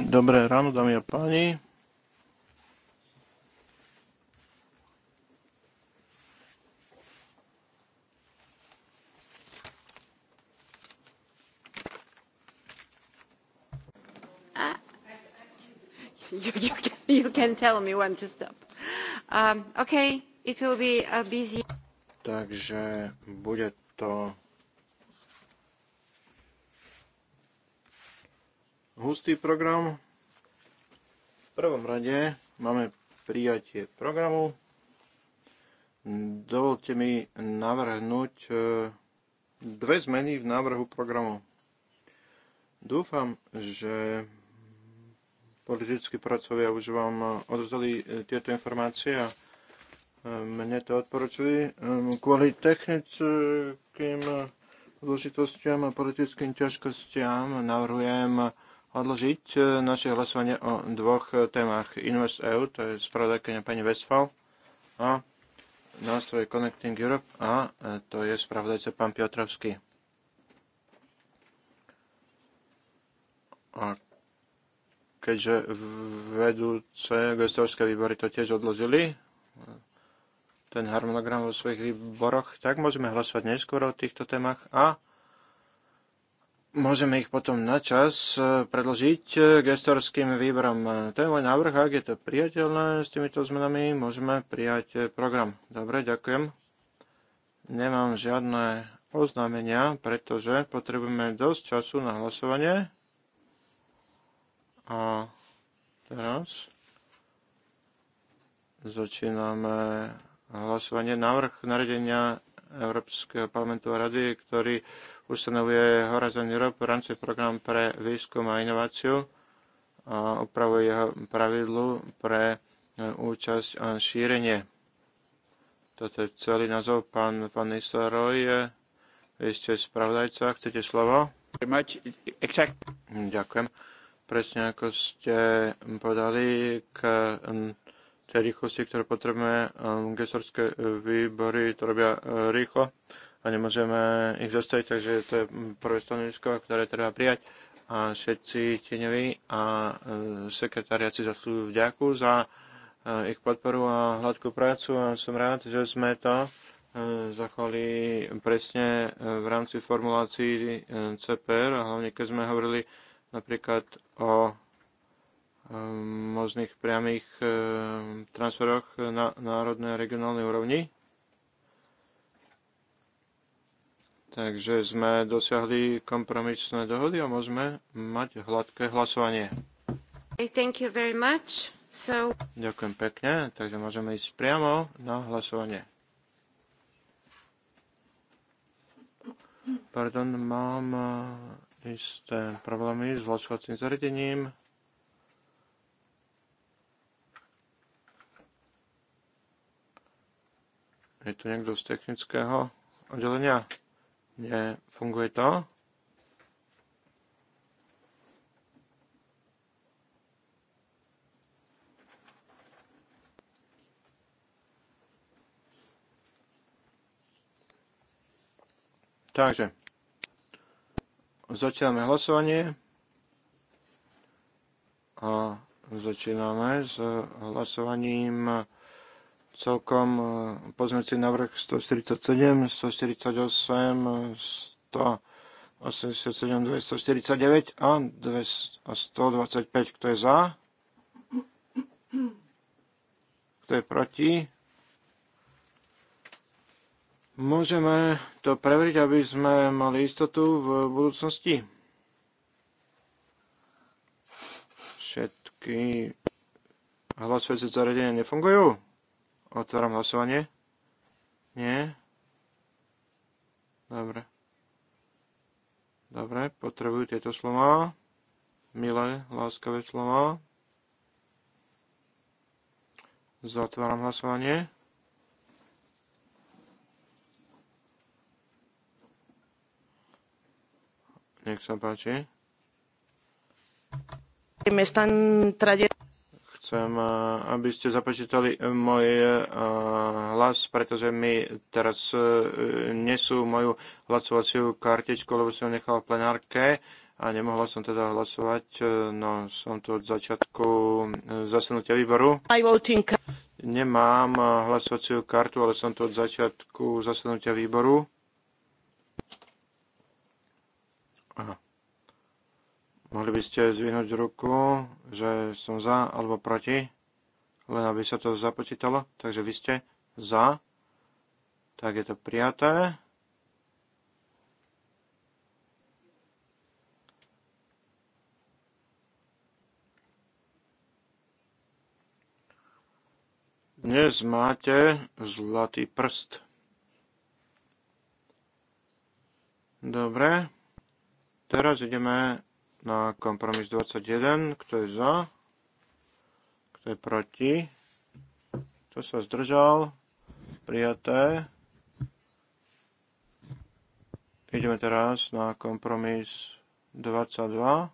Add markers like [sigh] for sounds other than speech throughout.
Dobré ráno, dámy a páni. Uh, [laughs] you, you, can, you can tell me when to stop. Um, okay, it will be a busy... Takže bude to hustý program. V prvom rade máme prijatie programu. Dovolte mi navrhnúť e, dve zmeny v návrhu programu. Dúfam, že politickí pracovia už vám odozdali e, tieto informácie a e, mne to odporučujú. Ehm, kvôli technickým zložitostiam a politickým ťažkostiam navrhujem odložiť e, naše hlasovanie o dvoch témach. Invest EU, to je spravodajkenia pani Westfall a nástroj Connecting Europe a e, to je spravodajca pán Piotrovský. A keďže vedúce gestorské výbory to tiež odložili, ten harmonogram vo svojich výboroch, tak môžeme hlasovať neskôr o týchto témach a môžeme ich potom na čas e, predložiť e, gestorským výberom. E, to je môj návrh, ak je to priateľné s týmito zmenami, môžeme prijať program. Dobre, ďakujem. Nemám žiadne oznámenia, pretože potrebujeme dosť času na hlasovanie. A teraz začíname hlasovanie návrh naredenia Európskeho parlamentu a rady, ktorý ustanovuje Horizon Europe v rámci program pre výskum a inováciu a upravuje jeho pravidlu pre e, účasť a šírenie. Toto je celý názov. Pán Van Nistelrooy, e, vy ste spravodajca, chcete slovo? Ďakujem. Presne ako ste podali k tej rýchlosti, ktoré potrebujeme, gestorské výbory to robia e, rýchlo a nemôžeme ich zostaviť, takže to je prvé stanovisko, ktoré treba prijať a všetci tieňoví a e, sekretariaci zaslúžujú vďaku za e, ich podporu a hladkú prácu a som rád, že sme to e, zachovali presne v rámci formulácií CPR a hlavne keď sme hovorili napríklad o možných priamých transferoch na národnej a regionálnej úrovni Takže sme dosiahli kompromisné dohody a môžeme mať hladké hlasovanie. Thank you very much. So... Ďakujem pekne, takže môžeme ísť priamo na hlasovanie. Pardon, mám eh, isté problémy s hlasovacím zariadením. Je tu niekto z technického oddelenia? funguje to? Takže, začíname hlasovanie a začíname s hlasovaním celkom e, pozmeňujúci návrh 147, 148, 187, 249 a 125. Kto je za? Kto je proti? Môžeme to preveriť, aby sme mali istotu v budúcnosti. Všetky hlasujúce zariadenia nefungujú? Otváram hlasovanie. Nie. Dobre. Dobre, potrebujú tieto slova. Milé, láskavé slova. Zatváram hlasovanie. Nech sa páči. Me están trayendo chcem, eh, aby ste započítali eh, môj eh, hlas, pretože mi teraz nesú moju hlasovaciu kartičku, lebo som nechal v plenárke a nemohla som teda hlasovať, no som tu od začiatku zasadnutia výboru. Nemám hlasovaciu kartu, ale som tu od začiatku zasadnutia výboru. Aha. Mohli by ste zvihnúť ruku, že som za alebo proti, len aby sa to započítalo. Takže vy ste za, tak je to prijaté. Dnes máte zlatý prst. Dobre, teraz ideme na kompromis 21. Kto je za? Kto je proti? Kto sa zdržal? Prijaté. Ideme teraz na kompromis 22.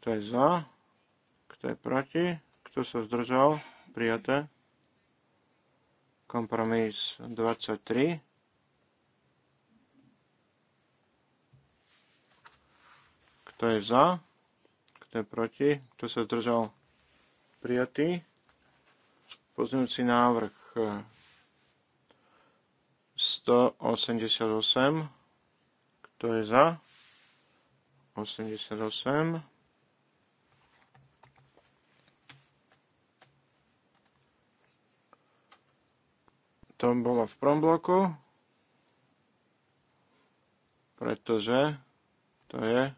Kto je za? Kto je proti? Kto sa zdržal? Prijaté. Kompromis 23. Kto je za? Kto je proti? Kto sa zdržal? Prijatý. Pozmeňujúci návrh 188. Eh, Kto je za? 88. To bolo v prvom bloku, pretože to je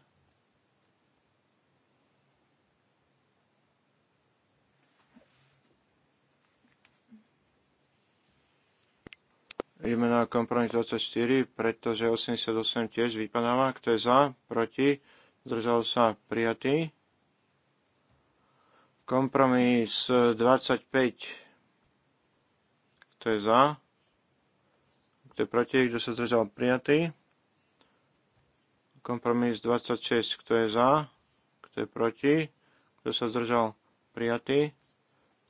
ideme na kompromis 24, pretože 88 tiež vypadáva. Kto je za? Proti? Zdržal sa prijatý. Kompromis 25. Kto je za? Kto je proti? Kto sa zdržal prijatý? Kompromis 26. Kto je za? Kto je proti? Kto sa zdržal prijatý?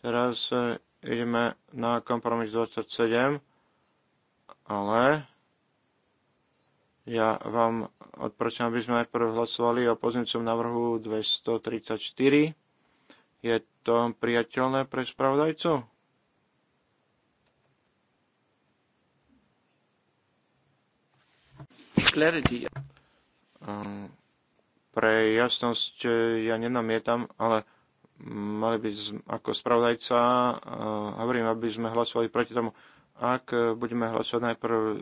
Teraz eh, ideme na kompromis 27 ale ja vám odporúčam, aby sme najprv hlasovali o pozemcom návrhu 234. Je to priateľné pre spravodajcu? Ehm, pre jasnosť e, ja nenamietam, ale mali by, ako spravodajca, e, hovorím, aby sme hlasovali proti tomu ak e, budeme hlasovať najprv e,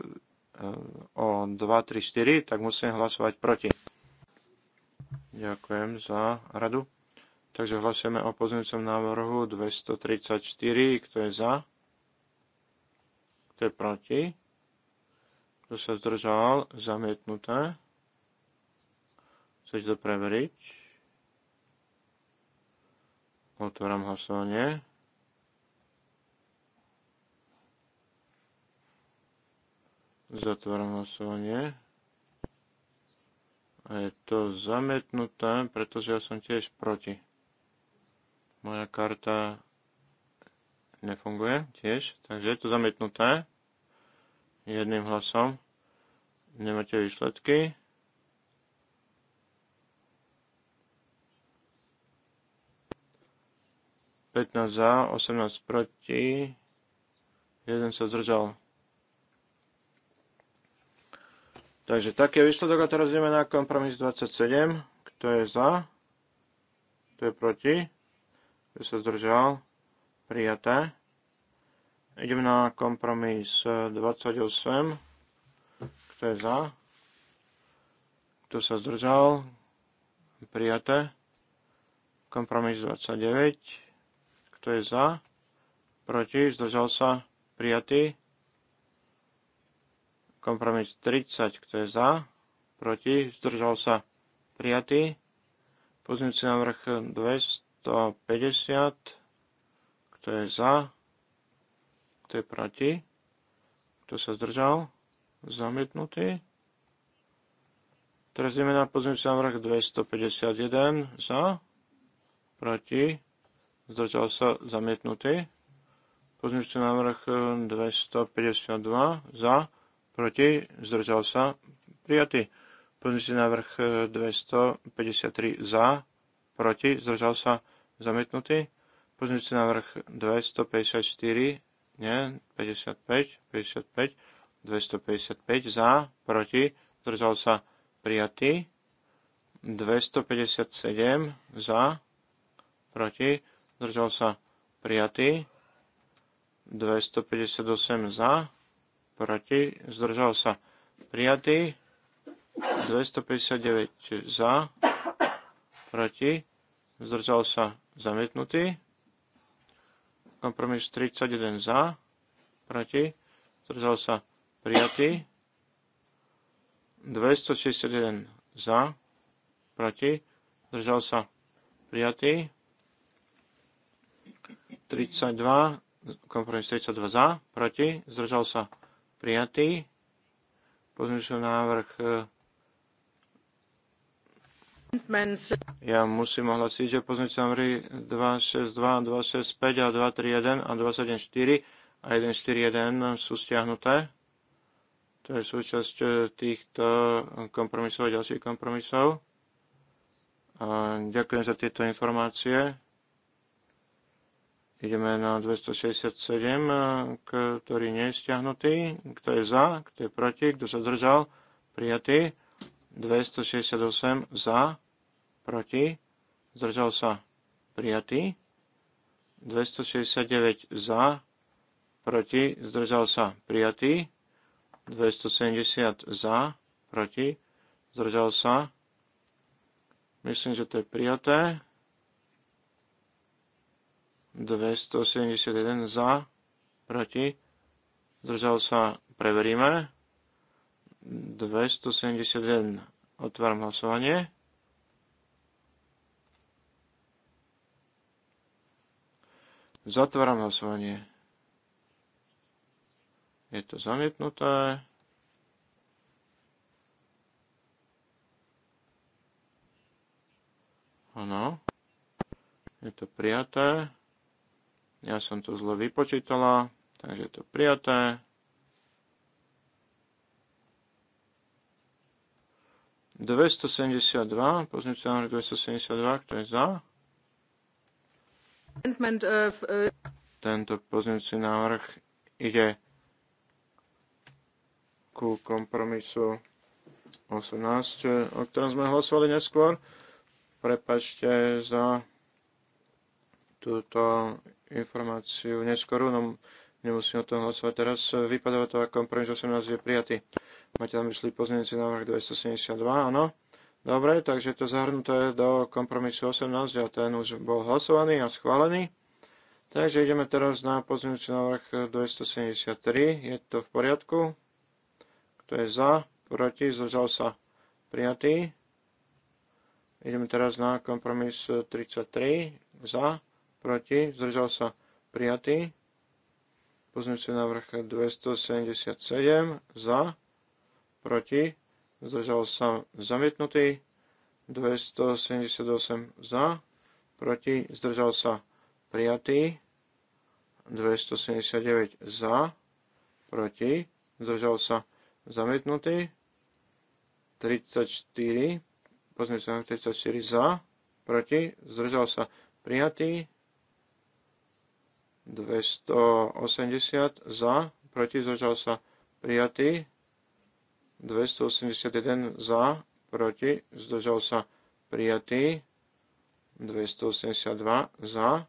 o 2, 3, 4, tak musíme hlasovať proti. Ďakujem za radu. Takže hlasujeme o pozmeňujúcom návrhu 234. Kto je za? Kto je proti? Kto sa zdržal? Zamietnuté. Chceš to preveriť? Otváram hlasovanie. Zatváram hlasovanie. A je to zametnuté, pretože ja som tiež proti. Moja karta nefunguje tiež, takže je to zametnuté jedným hlasom. Nemáte výsledky. Pätnásť za, osemnásť proti, jeden sa zdržal. Takže taký je výsledok a teraz ideme na kompromis 27. Kto je za? Kto je proti? Kto sa zdržal? Prijaté. Ideme na kompromis 28. Kto je za? Kto sa zdržal? Prijaté. Kompromis 29. Kto je za? Proti? Zdržal sa? Prijatý. Kompromis 30, kto je za, proti, zdržal sa, prijatý. Pozmeňujúci návrh 250, kto je za, kto je proti, kto sa zdržal, zamietnutý. Teraz ideme na pozmeňujúci návrh 251, za, proti, zdržal sa, zamietnutý. Pozmeňujúci návrh 252, za, proti, zdržal sa, prijatý. Pozmite návrh 253 e, za, proti, zdržal sa, zamietnutý. Pozmite návrh 254, nie, 55, 55, 255 za, proti, zdržal sa, prijatý. 257 za, proti, zdržal sa, prijatý. 258 za, proti, zdržal sa prijatý, 259 za, proti, zdržal sa zamietnutý, kompromis 31 za, proti, zdržal sa prijatý, 261 za, proti, zdržal sa prijatý, 32, kompromis 32 za, proti, zdržal sa prijatý, prijatý. sa návrh e, ja musím ohlasiť, že sa návrhy 262, 265 a 231 a 274 a 141 sú stiahnuté. To je súčasť e, týchto kompromisov a ďalších kompromisov. ďakujem za tieto informácie. Ideme na 267, eh, ktorý nie je stiahnutý. Kto je za, kto je proti, kto sa zdržal, prijatý. 268 za, proti, zdržal sa, prijatý. 269 za, proti, zdržal sa, prijatý. 270 za, proti, zdržal sa. Myslím, že to je prijaté. 271 za, proti, zdržal sa, preveríme. 271, otváram hlasovanie. Zatváram hlasovanie. Je to zamietnuté. Áno. Je to prijaté. Ja som to zle vypočítala, takže je to prijaté. Dvesto sedemdesiat dva, pozrite 272, kto je za? Uh, Tento pozmeňujúci návrh ide ku kompromisu 18, o ktorom sme hlasovali neskôr. Prepačte za túto informáciu neskôr, no nemusím o tom hlasovať teraz. Vypadáva to ako kompromis 18 je prijatý. Máte na mysli pozmeňujúci návrh 272, áno? Dobre, takže to zahrnuté do kompromisu 18 a ten už bol hlasovaný a schválený. Takže ideme teraz na pozmeňujúci návrh 273. Je to v poriadku? Kto je za? Proti? Zdržal sa? Prijatý. Ideme teraz na kompromis 33. Za? proti, zdržal sa prijatý. Pozmeňujúci návrh 277 za, proti, zdržal sa zamietnutý. 278 za, proti, zdržal sa prijatý. 279 za, proti, zdržal sa zamietnutý. 34, pozmeňujúci sa 34 za, proti, zdržal sa prijatý. 280 za, proti zdržal sa prijatý, 281 za, proti zdržal sa prijatý, 282 za,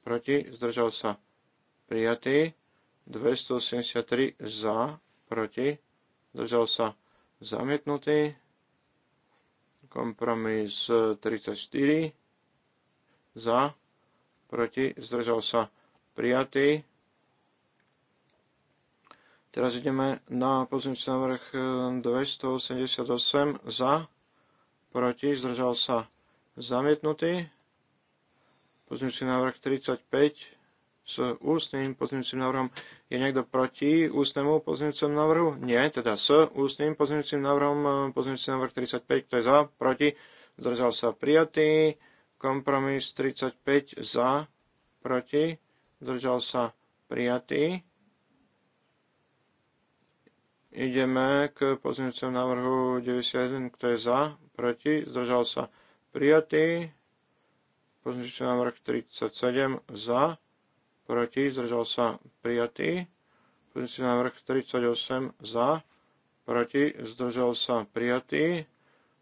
proti zdržal sa prijatý, 283 za, proti zdržal sa zamietnutý, kompromis 34 eh, za, proti zdržal sa prijatý, prijatý. Teraz ideme na pozornosť návrh 288 e, za, proti, zdržal sa zamietnutý. Pozornosť návrh 35 s ústnym pozmeňujúcim návrhom. Je niekto proti ústnemu pozmeňujúcemu návrhu? Nie, teda s ústnym pozmeňujúcim návrhom e, pozmeňujúci návrh 35, kto je za, proti, zdržal sa prijatý, kompromis 35 za, proti, Držal sa prijatý. Ideme k pozmeňujúcemu návrhu 91, kto je za, proti, zdržal sa prijatý. Pozmeňujúci návrh 37, za, proti, zdržal sa prijatý. Pozmeňujúci návrh 38, za, proti, zdržal sa prijatý.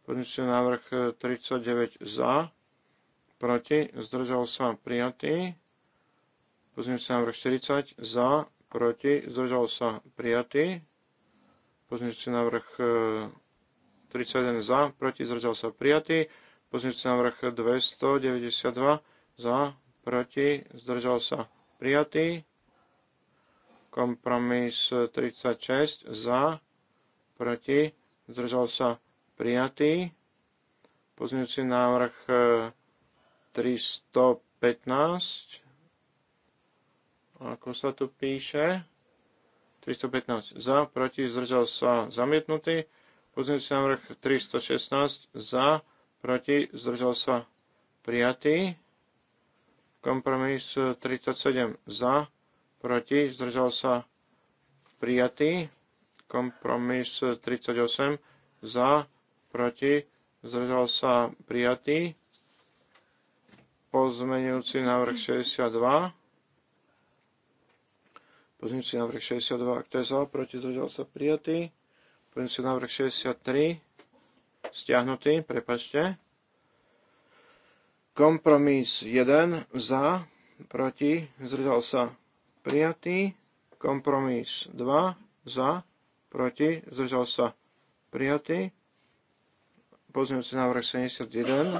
Pozmeňujúci návrh 39, za, proti, zdržal sa prijatý sa návrh 40 za, proti, zdržal sa prijatý. Pozmeňujúci návrh 31 za, proti, zdržal sa prijatý. sa návrh 292 za, proti, zdržal sa prijatý. Kompromis 36 za, proti, zdržal sa prijatý. Pozmeňujúci návrh 315 ako sa tu píše. 315 za, proti, zdržal sa zamietnutý. Pozmeňujúci návrh 316 za, proti, zdržal sa prijatý. Kompromis 37 za, proti, zdržal sa prijatý. Kompromis 38 za, proti, zdržal sa prijatý. Pozmeňujúci návrh 62 Pozmeňujúci návrh 62, kto je za, proti, zdržal sa, prijatý. Pozmeňujúci návrh 63, stiahnutý, prepačte. Kompromis 1, za, proti, zdržal sa, prijatý. Kompromis 2, za, proti, zdržal sa, prijatý. Pozmeňujúci návrh 71,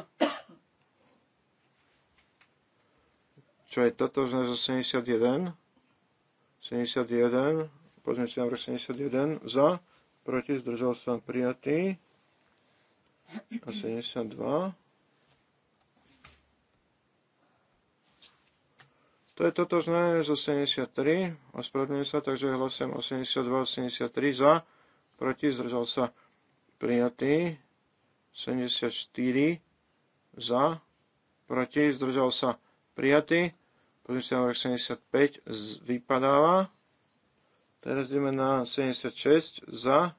čo je totožné zo 71. 71, si návrh 71 za, proti, zdržal sa prijatý. A 72. To je totožné zo 73, ospravedlňujem sa, takže hlasujem 82, 73 za, proti, zdržal sa prijatý. 74 za, proti, zdržal sa prijatý. Pozmeňujúci sa 75 vypadáva. Teraz ideme na 76 za,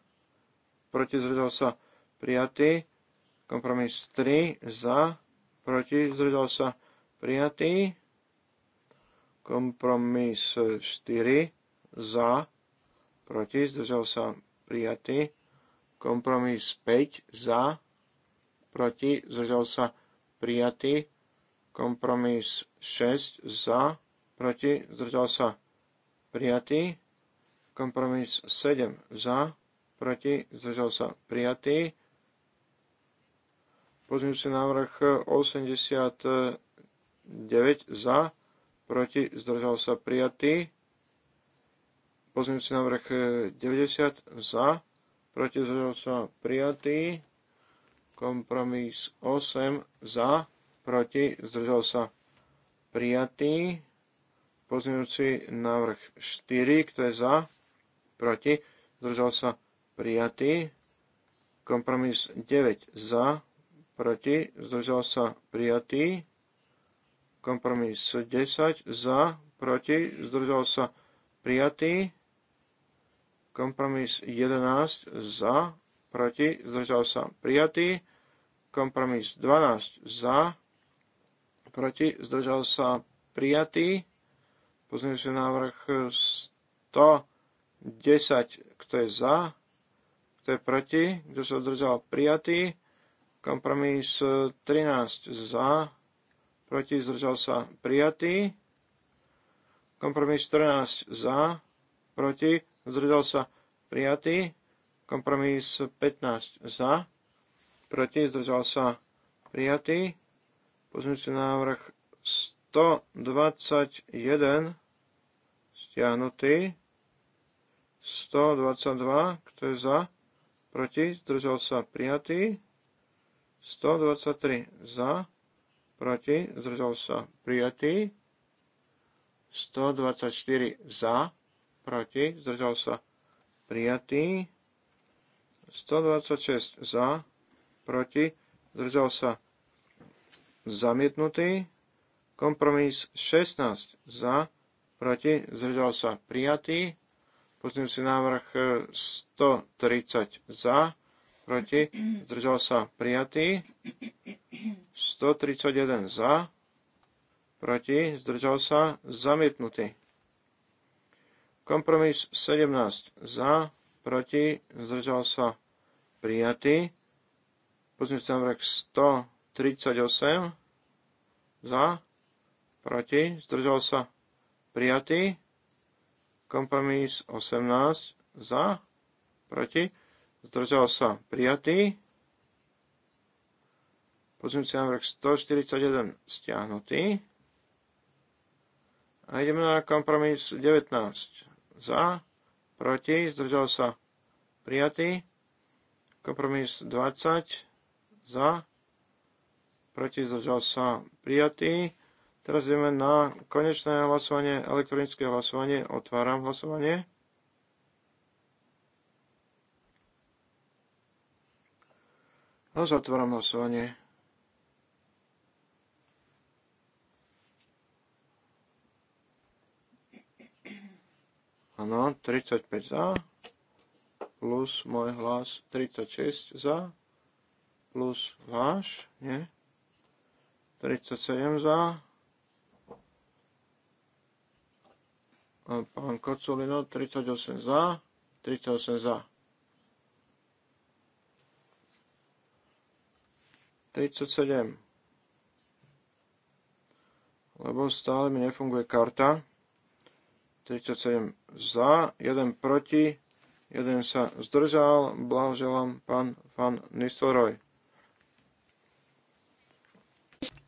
proti zredal sa prijatý, kompromis 3 za, proti zredal sa prijatý, kompromis 4 za, proti zdržal sa prijatý, kompromis 5 za, proti zdržal sa prijatý, Kompromis 6 za, proti, zdržal sa prijatý. Kompromis 7 za, proti, zdržal sa prijatý. Pozmeňujúci návrh 89 za, proti, zdržal sa prijatý. Pozmeňujúci návrh 90 za, proti, zdržal sa prijatý. Kompromis 8 za, proti, zdržal sa prijatý. Pozmeňujúci návrh 4, kto je za, proti, zdržal sa prijatý. Kompromis 9 za, proti, zdržal sa prijatý. Kompromis 10 za, proti, zdržal sa prijatý. Kompromis 11 za, proti, zdržal sa prijatý. Kompromis 12 za, proti, zdržal sa prijatý. si návrh 110, kto je za, kto je proti, kto sa zdržal prijatý. Kompromis 13 za, proti, zdržal sa prijatý. Kompromis 14 za, proti, zdržal sa prijatý. Kompromis 15 za, proti, zdržal sa prijatý si návrh 121 stiahnutý. 122, kto je za? Proti, zdržal sa prijatý. 123 za, proti, zdržal sa prijatý. 124 za, proti, zdržal sa prijatý. 126 za, proti, zdržal sa prijatý zamietnutý. Kompromis 16 za, proti, zdržal sa prijatý. si návrh 130 e, za, proti, zdržal sa prijatý. 131 za, proti, zdržal sa zamietnutý. Kompromis 17 za, proti, zdržal sa prijatý. si návrh 100 38 za, proti, zdržal sa prijatý. Kompromis 18 za, proti, zdržal sa prijatý. Pozmúci návrh 141 stiahnutý. A ideme na kompromis 19 za, proti, zdržal sa prijatý. Kompromis 20 za, proti zdržal sa prijatý. Teraz ideme na konečné hlasovanie, elektronické hlasovanie. Otváram hlasovanie. A zatváram hlasovanie. Áno, 35 za, plus môj hlas 36 za, plus váš, nie? 37 za. Pán Kocolino 38 za. 38 za. 37. Lebo stále mi nefunguje karta. 37 za, 1 proti, 1 sa zdržal. Blahoželám pán Van Nistelrooy.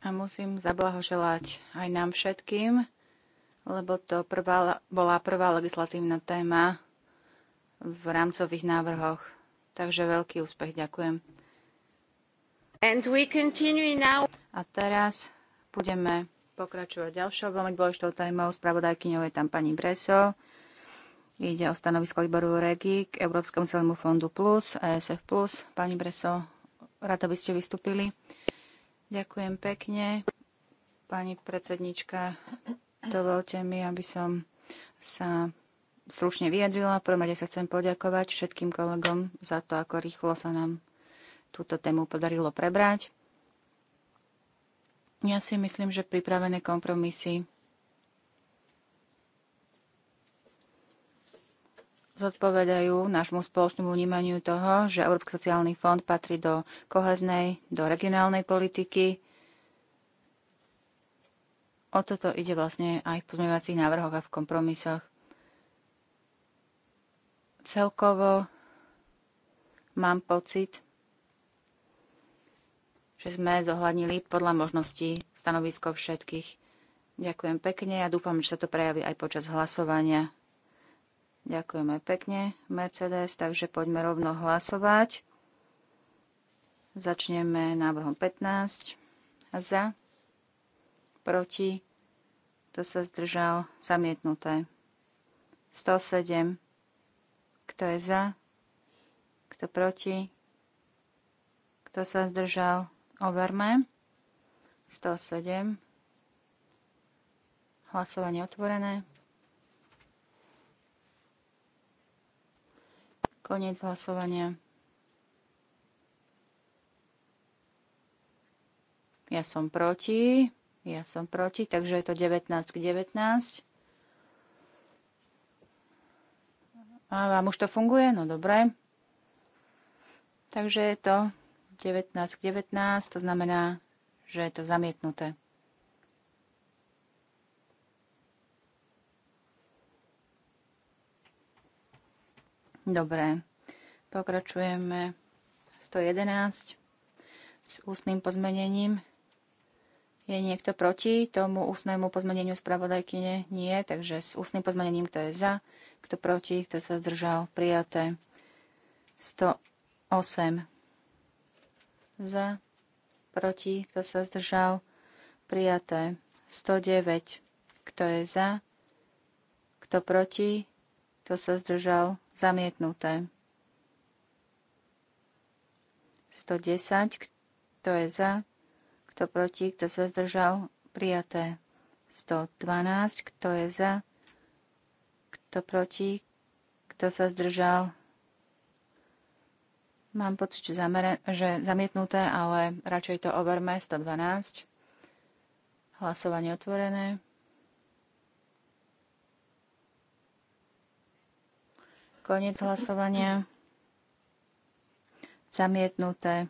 A musím zablahoželať aj nám všetkým, lebo to prvá, bola prvá legislatívna téma v rámcových návrhoch. Takže veľký úspech, ďakujem. And we now. A teraz budeme pokračovať ďalšou veľmi dôležitou témou. Spravodajkyňou je tam pani Breso. Ide o stanovisko výboru REGI k Európskom celému fondu Plus, ESF Plus. Pani Breso, rada by ste vystúpili. Ďakujem pekne. Pani predsednička, dovolte mi, aby som sa stručne vyjadrila. prvom rade sa chcem poďakovať všetkým kolegom za to, ako rýchlo sa nám túto tému podarilo prebrať. Ja si myslím, že pripravené kompromisy zodpovedajú nášmu spoločnému vnímaniu toho, že Európsky sociálny fond patrí do koheznej, do regionálnej politiky. O toto ide vlastne aj v pozmeňovacích návrhoch a v kompromisoch. Celkovo mám pocit, že sme zohľadnili podľa možností stanovisko všetkých. Ďakujem pekne a dúfam, že sa to prejaví aj počas hlasovania. Ďakujeme pekne, Mercedes, takže poďme rovno hlasovať. Začneme návrhom 15. Za, proti, kto sa zdržal, zamietnuté. 107. Kto je za, kto proti, kto sa zdržal, overme. 107. Hlasovanie otvorené. Koniec hlasovania. Ja som proti. Ja som proti, takže je to 19 k 19. A vám už to funguje? No dobre. Takže je to 19 k 19, to znamená, že je to zamietnuté. Dobre, pokračujeme 111 s ústnym pozmenením. Je niekto proti tomu ústnemu pozmeneniu spravodajkyne? Nie, takže s ústnym pozmenením kto je za, kto proti, kto sa zdržal, prijaté. 108 za, proti, kto sa zdržal, prijaté. 109, kto je za, kto proti, kto sa zdržal? Zamietnuté. 110. Kto je za? Kto proti? Kto sa zdržal? Prijaté. 112. Kto je za? Kto proti? Kto sa zdržal? Mám pocit, že, zamere, že zamietnuté, ale radšej to overme. 112. Hlasovanie otvorené. Koniec hlasovania. Zamietnuté.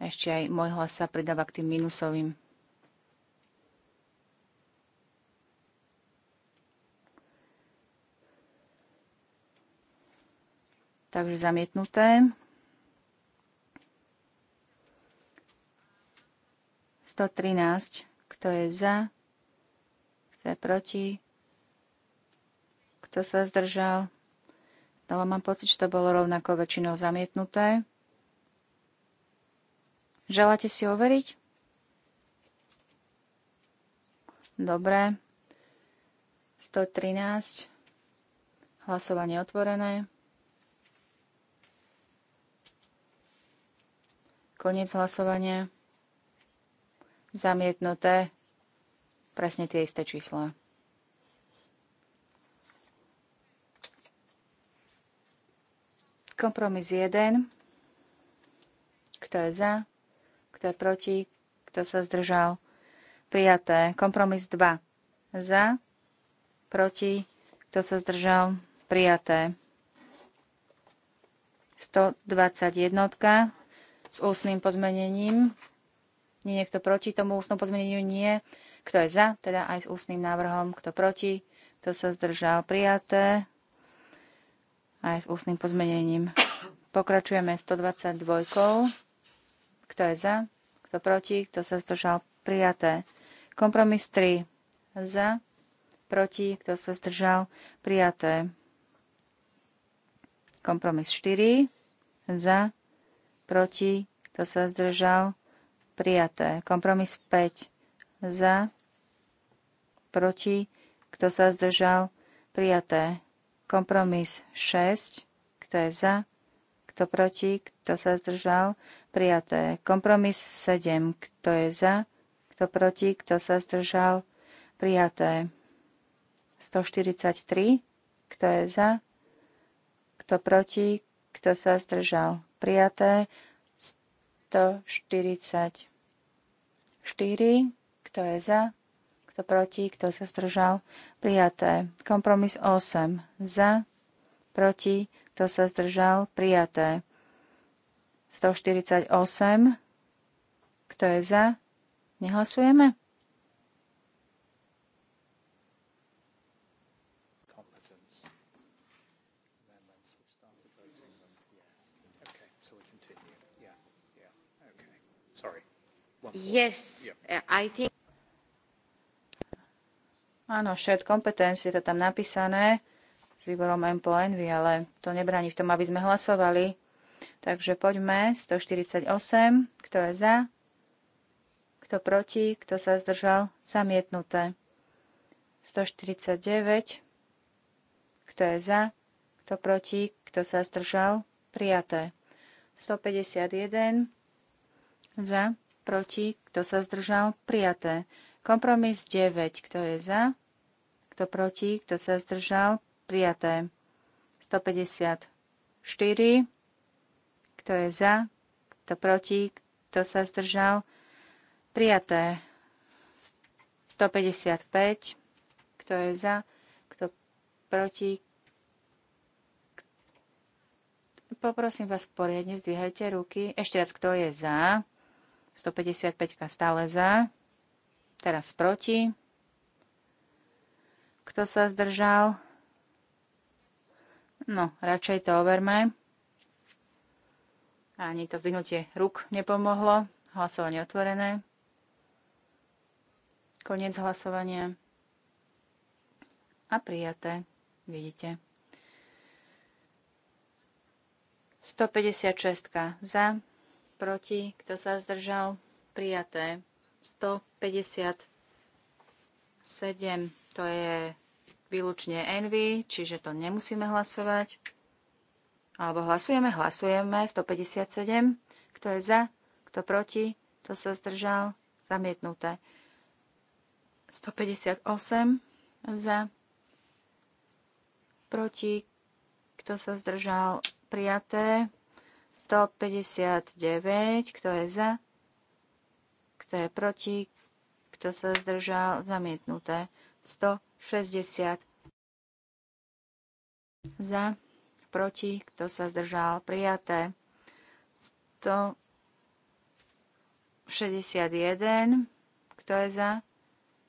Ešte aj môj hlas sa pridáva k tým minusovým. Takže zamietnuté. 113. Kto je za? Kto je proti? Kto sa zdržal? Znova mám pocit, že to bolo rovnako väčšinou zamietnuté. Želáte si overiť? Dobre. 113. Hlasovanie otvorené. Koniec hlasovania. Zamietnuté. Presne tie isté čísla. Kompromis 1. Kto je za? Kto je proti? Kto sa zdržal? Prijaté. Kompromis 2. Za? Proti? Kto sa zdržal? Prijaté. 121 s ústnym pozmenením. Nie niekto proti tomu ústnom pozmeneniu? Nie. Kto je za? Teda aj s ústnym návrhom. Kto proti? Kto sa zdržal? Prijaté aj s ústnym pozmenením. Pokračujeme 122. Kto je za? Kto proti? Kto sa zdržal? Prijaté. Kompromis 3. Za? Proti? Kto sa zdržal? Prijaté. Kompromis 4. Za? Proti? Kto sa zdržal? Prijaté. Kompromis 5. Za? Proti? Kto sa zdržal? Prijaté. Kompromis 6. Kto je za? Kto proti? Kto sa zdržal? Prijaté. Kompromis 7. Kto je za? Kto proti? Kto sa zdržal? Prijaté. 143. Kto je za? Kto proti? Kto sa zdržal? Prijaté. 144. Kto je za? Kto proti? Kto sa zdržal? Prijaté. Kompromis 8. Za. Proti? Kto sa zdržal? Prijaté. 148. Kto je za? Nehlasujeme? Yes, I think... Áno, shared competency, je to tam napísané s výborom M po Envy, ale to nebráni v tom, aby sme hlasovali. Takže poďme, 148, kto je za, kto proti, kto sa zdržal, zamietnuté. 149, kto je za, kto proti, kto sa zdržal, prijaté. 151, za, proti, kto sa zdržal, prijaté. Kompromis 9. Kto je za? Kto proti? Kto sa zdržal? Prijaté. 154. Kto je za? Kto proti? Kto sa zdržal? Prijaté. 155. Kto je za? Kto proti? Poprosím vás poriadne, zdvíhajte ruky. Ešte raz, kto je za? 155 stále za. Teraz proti. Kto sa zdržal? No, radšej to overme. Ani to zdvihnutie rúk nepomohlo. Hlasovanie otvorené. Koniec hlasovania. A prijaté. Vidíte. 156 za, proti, kto sa zdržal, prijaté. 157. To je výlučne Envy, čiže to nemusíme hlasovať. Alebo hlasujeme, hlasujeme. 157. Kto je za? Kto proti? Kto sa zdržal? Zamietnuté. 158 za. Proti? Kto sa zdržal? Prijaté. 159. Kto je za? Kto je proti? Kto sa zdržal? Zamietnuté. 160 za, proti, kto sa zdržal, prijaté. 161, kto je za,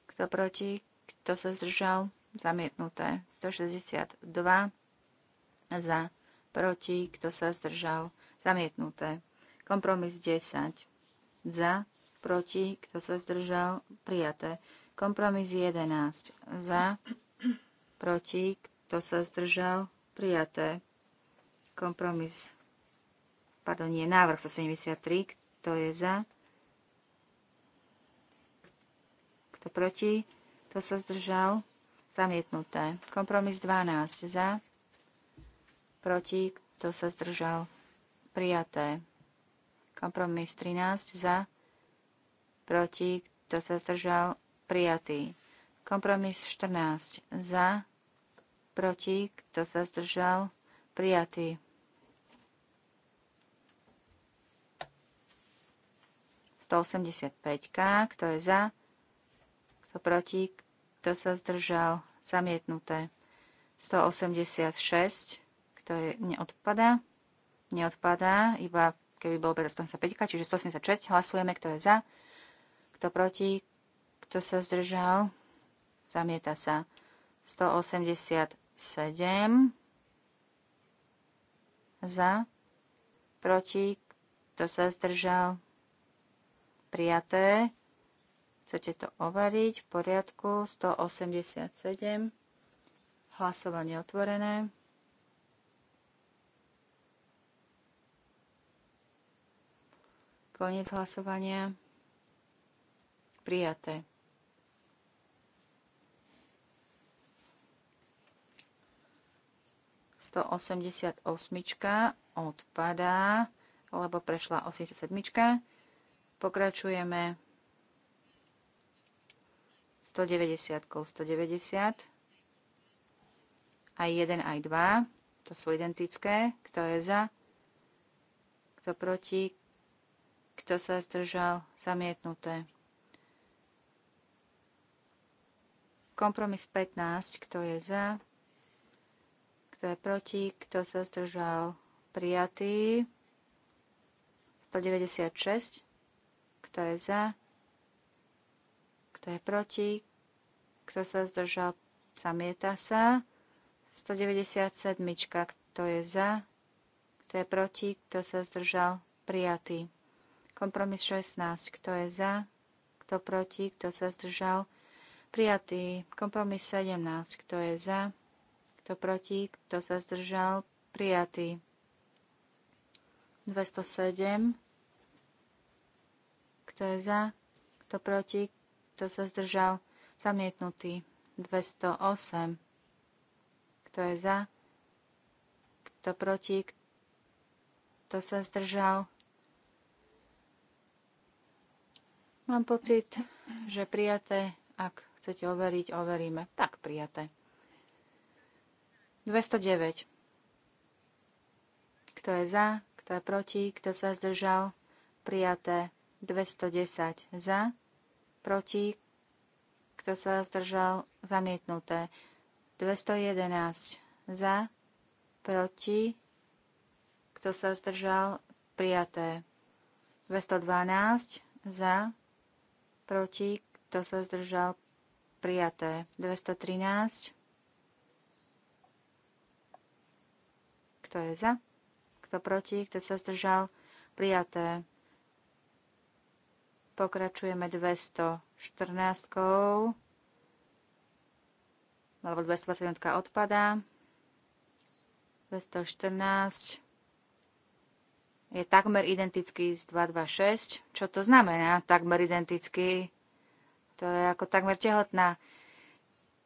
kto proti, kto sa zdržal, zamietnuté. 162 za, proti, kto sa zdržal, zamietnuté. Kompromis 10 za, proti, kto sa zdržal, prijaté. Kompromis 11 za, proti, kto sa zdržal, prijaté. Kompromis, pardon, nie, návrh 173, kto je za, kto proti, kto sa zdržal, zamietnuté. Kompromis 12 za, proti, kto sa zdržal, prijaté. Kompromis 13 za, proti, kto sa zdržal, prijatý. Kompromis 14 za, proti, kto sa zdržal, prijatý. 185K, kto je za, kto proti, kto sa zdržal, zamietnuté. 186, kto je, neodpada, neodpadá, iba keby bol 185, čiže 186, hlasujeme, kto je za, kto proti? Kto sa zdržal? Zamieta sa. 187 za, proti, kto sa zdržal, prijaté. Chcete to overiť? V poriadku. 187. Hlasovanie otvorené. Koniec hlasovania prijaté. To 88 odpadá, lebo prešla 87. Pokračujeme 190, 190 aj 1, aj 2. To sú identické. Kto je za? Kto proti? Kto sa zdržal? Zamietnuté. Kompromis 15, kto je za, kto je proti, kto sa zdržal, prijatý. 196, kto je za, kto je proti, kto sa zdržal, zamieta sa. 197, kto je za, kto je proti, kto sa zdržal, prijatý. Kompromis 16, kto je za, kto proti, kto sa zdržal, prijatý Prijatý. Kompromis 17. Kto je za? Kto proti? Kto sa zdržal? Prijatý. 207. Kto je za? Kto proti? Kto sa zdržal? Zamietnutý. 208. Kto je za? Kto proti? Kto sa zdržal? Mám pocit, že prijaté, ak chcete overiť, overíme. Tak, prijaté. 209. Kto je za, kto je proti, kto sa zdržal, prijaté. 210 za, proti, kto sa zdržal, zamietnuté. 211 za, proti, kto sa zdržal, prijaté. 212 za, proti, kto sa zdržal, prijaté. 213. Kto je za? Kto proti? Kto sa zdržal? Prijaté. Pokračujeme 214. Alebo 221 odpadá. 214 je takmer identický s 226. Čo to znamená takmer identický? To je ako takmer tehotná.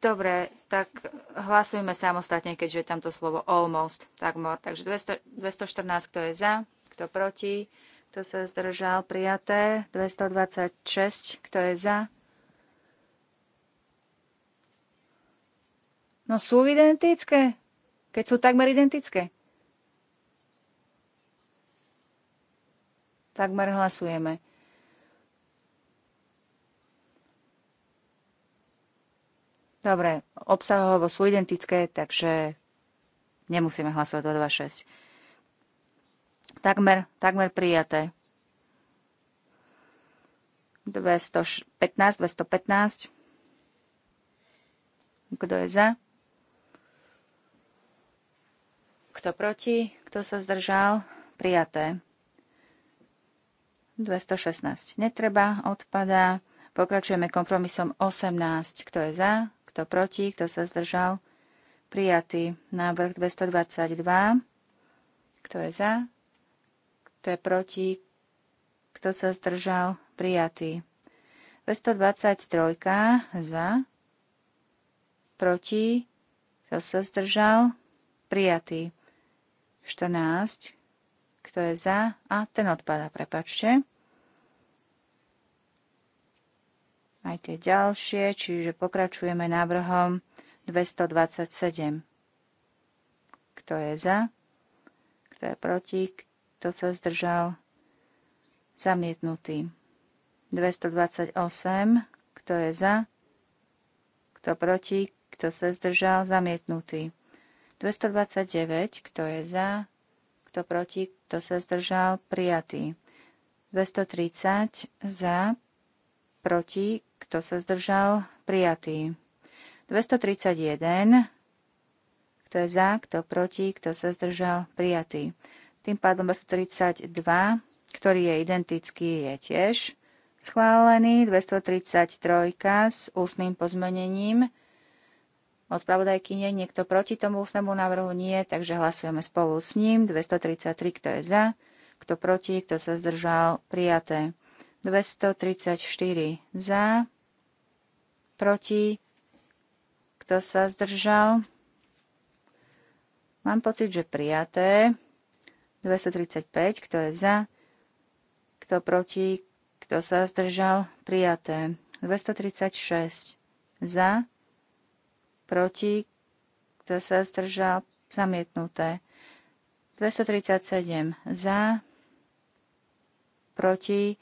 Dobre, tak hlasujme samostatne, keďže je tam to slovo almost, tak Takže 200, 214, kto je za, kto proti, kto sa zdržal, prijaté. 226, kto je za. No sú identické, keď sú takmer identické. Takmer hlasujeme. Dobre, obsahovo sú identické, takže nemusíme hlasovať o 2.6. Takmer, takmer prijaté. 215, 215. Kto je za? Kto proti? Kto sa zdržal? Prijaté. 216 netreba, odpadá. Pokračujeme kompromisom 18. Kto je za? Kto proti? Kto sa zdržal? Prijatý. Návrh 222. Kto je za? Kto je proti? Kto sa zdržal? Prijatý. 223. Za? Proti? Kto sa zdržal? Prijatý. 14. Kto je za? A ten odpada, prepačte. aj tie ďalšie, čiže pokračujeme návrhom 227. Kto je za? Kto je proti? Kto sa zdržal? Zamietnutý. 228. Kto je za? Kto proti? Kto sa zdržal? Zamietnutý. 229. Kto je za? Kto proti? Kto sa zdržal? Prijatý. 230 za, proti, kto sa zdržal, prijatý. 231, kto je za, kto proti, kto sa zdržal, prijatý. Tým pádom 232, ktorý je identický, je tiež schválený. 233 s ústnym pozmenením. Od spravodajky nie, niekto proti tomu ústnemu návrhu nie, takže hlasujeme spolu s ním. 233, kto je za, kto proti, kto sa zdržal, prijaté. 234 za, proti, kto sa zdržal. Mám pocit, že prijaté. 235, kto je za, kto proti, kto sa zdržal, prijaté. 236 za, proti, kto sa zdržal, zamietnuté. 237 za, proti,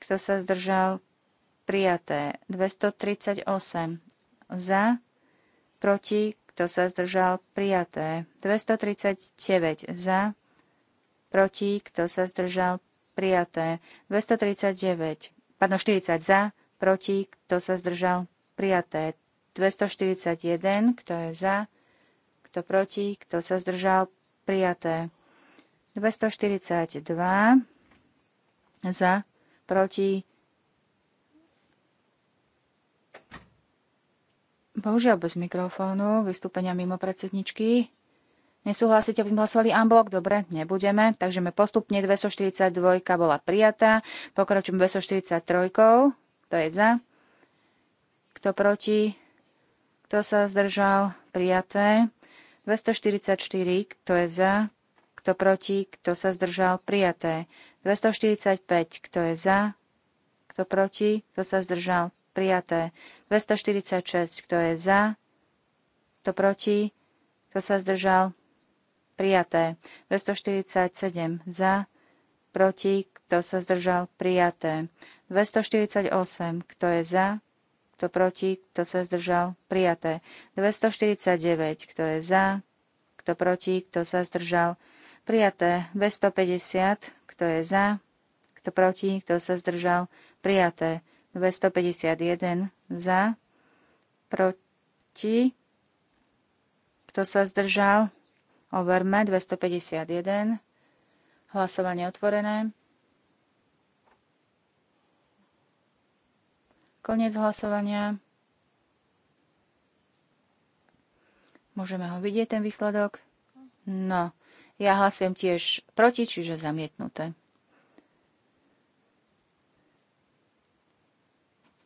kto sa zdržal? Prijaté. 238 za, proti, kto sa zdržal? Prijaté. 239 za, proti, kto sa zdržal? Prijaté. 239, pardon, 40 za, proti, kto sa zdržal? Prijaté. 241, kto je za, kto proti, kto sa zdržal, prijaté. 242 za, proti. Bohužiaľ bez mikrofónu, vystúpenia mimo predsedničky. Nesúhlasíte, aby sme hlasovali unblock? Dobre, nebudeme. Takže sme postupne 242 bola prijatá. Pokračujeme 243. To je za. Kto proti? Kto sa zdržal? Prijaté. 244. Kto je za? kto proti, kto sa zdržal, prijaté. 245, kto je za, kto proti, kto sa zdržal, prijaté. 246, kto je za, kto proti, kto sa zdržal, prijaté. 247, za, proti, kto sa zdržal, prijaté. 248, kto je za, kto proti, kto sa zdržal, prijaté. 249, kto je za, kto proti, kto sa zdržal, prijaté Prijaté 250, kto je za, kto proti, kto sa zdržal. Prijaté 251 za, proti, kto sa zdržal. Overme 251. Hlasovanie otvorené. Koniec hlasovania. Môžeme ho vidieť, ten výsledok? No, ja hlasujem tiež proti, čiže zamietnuté.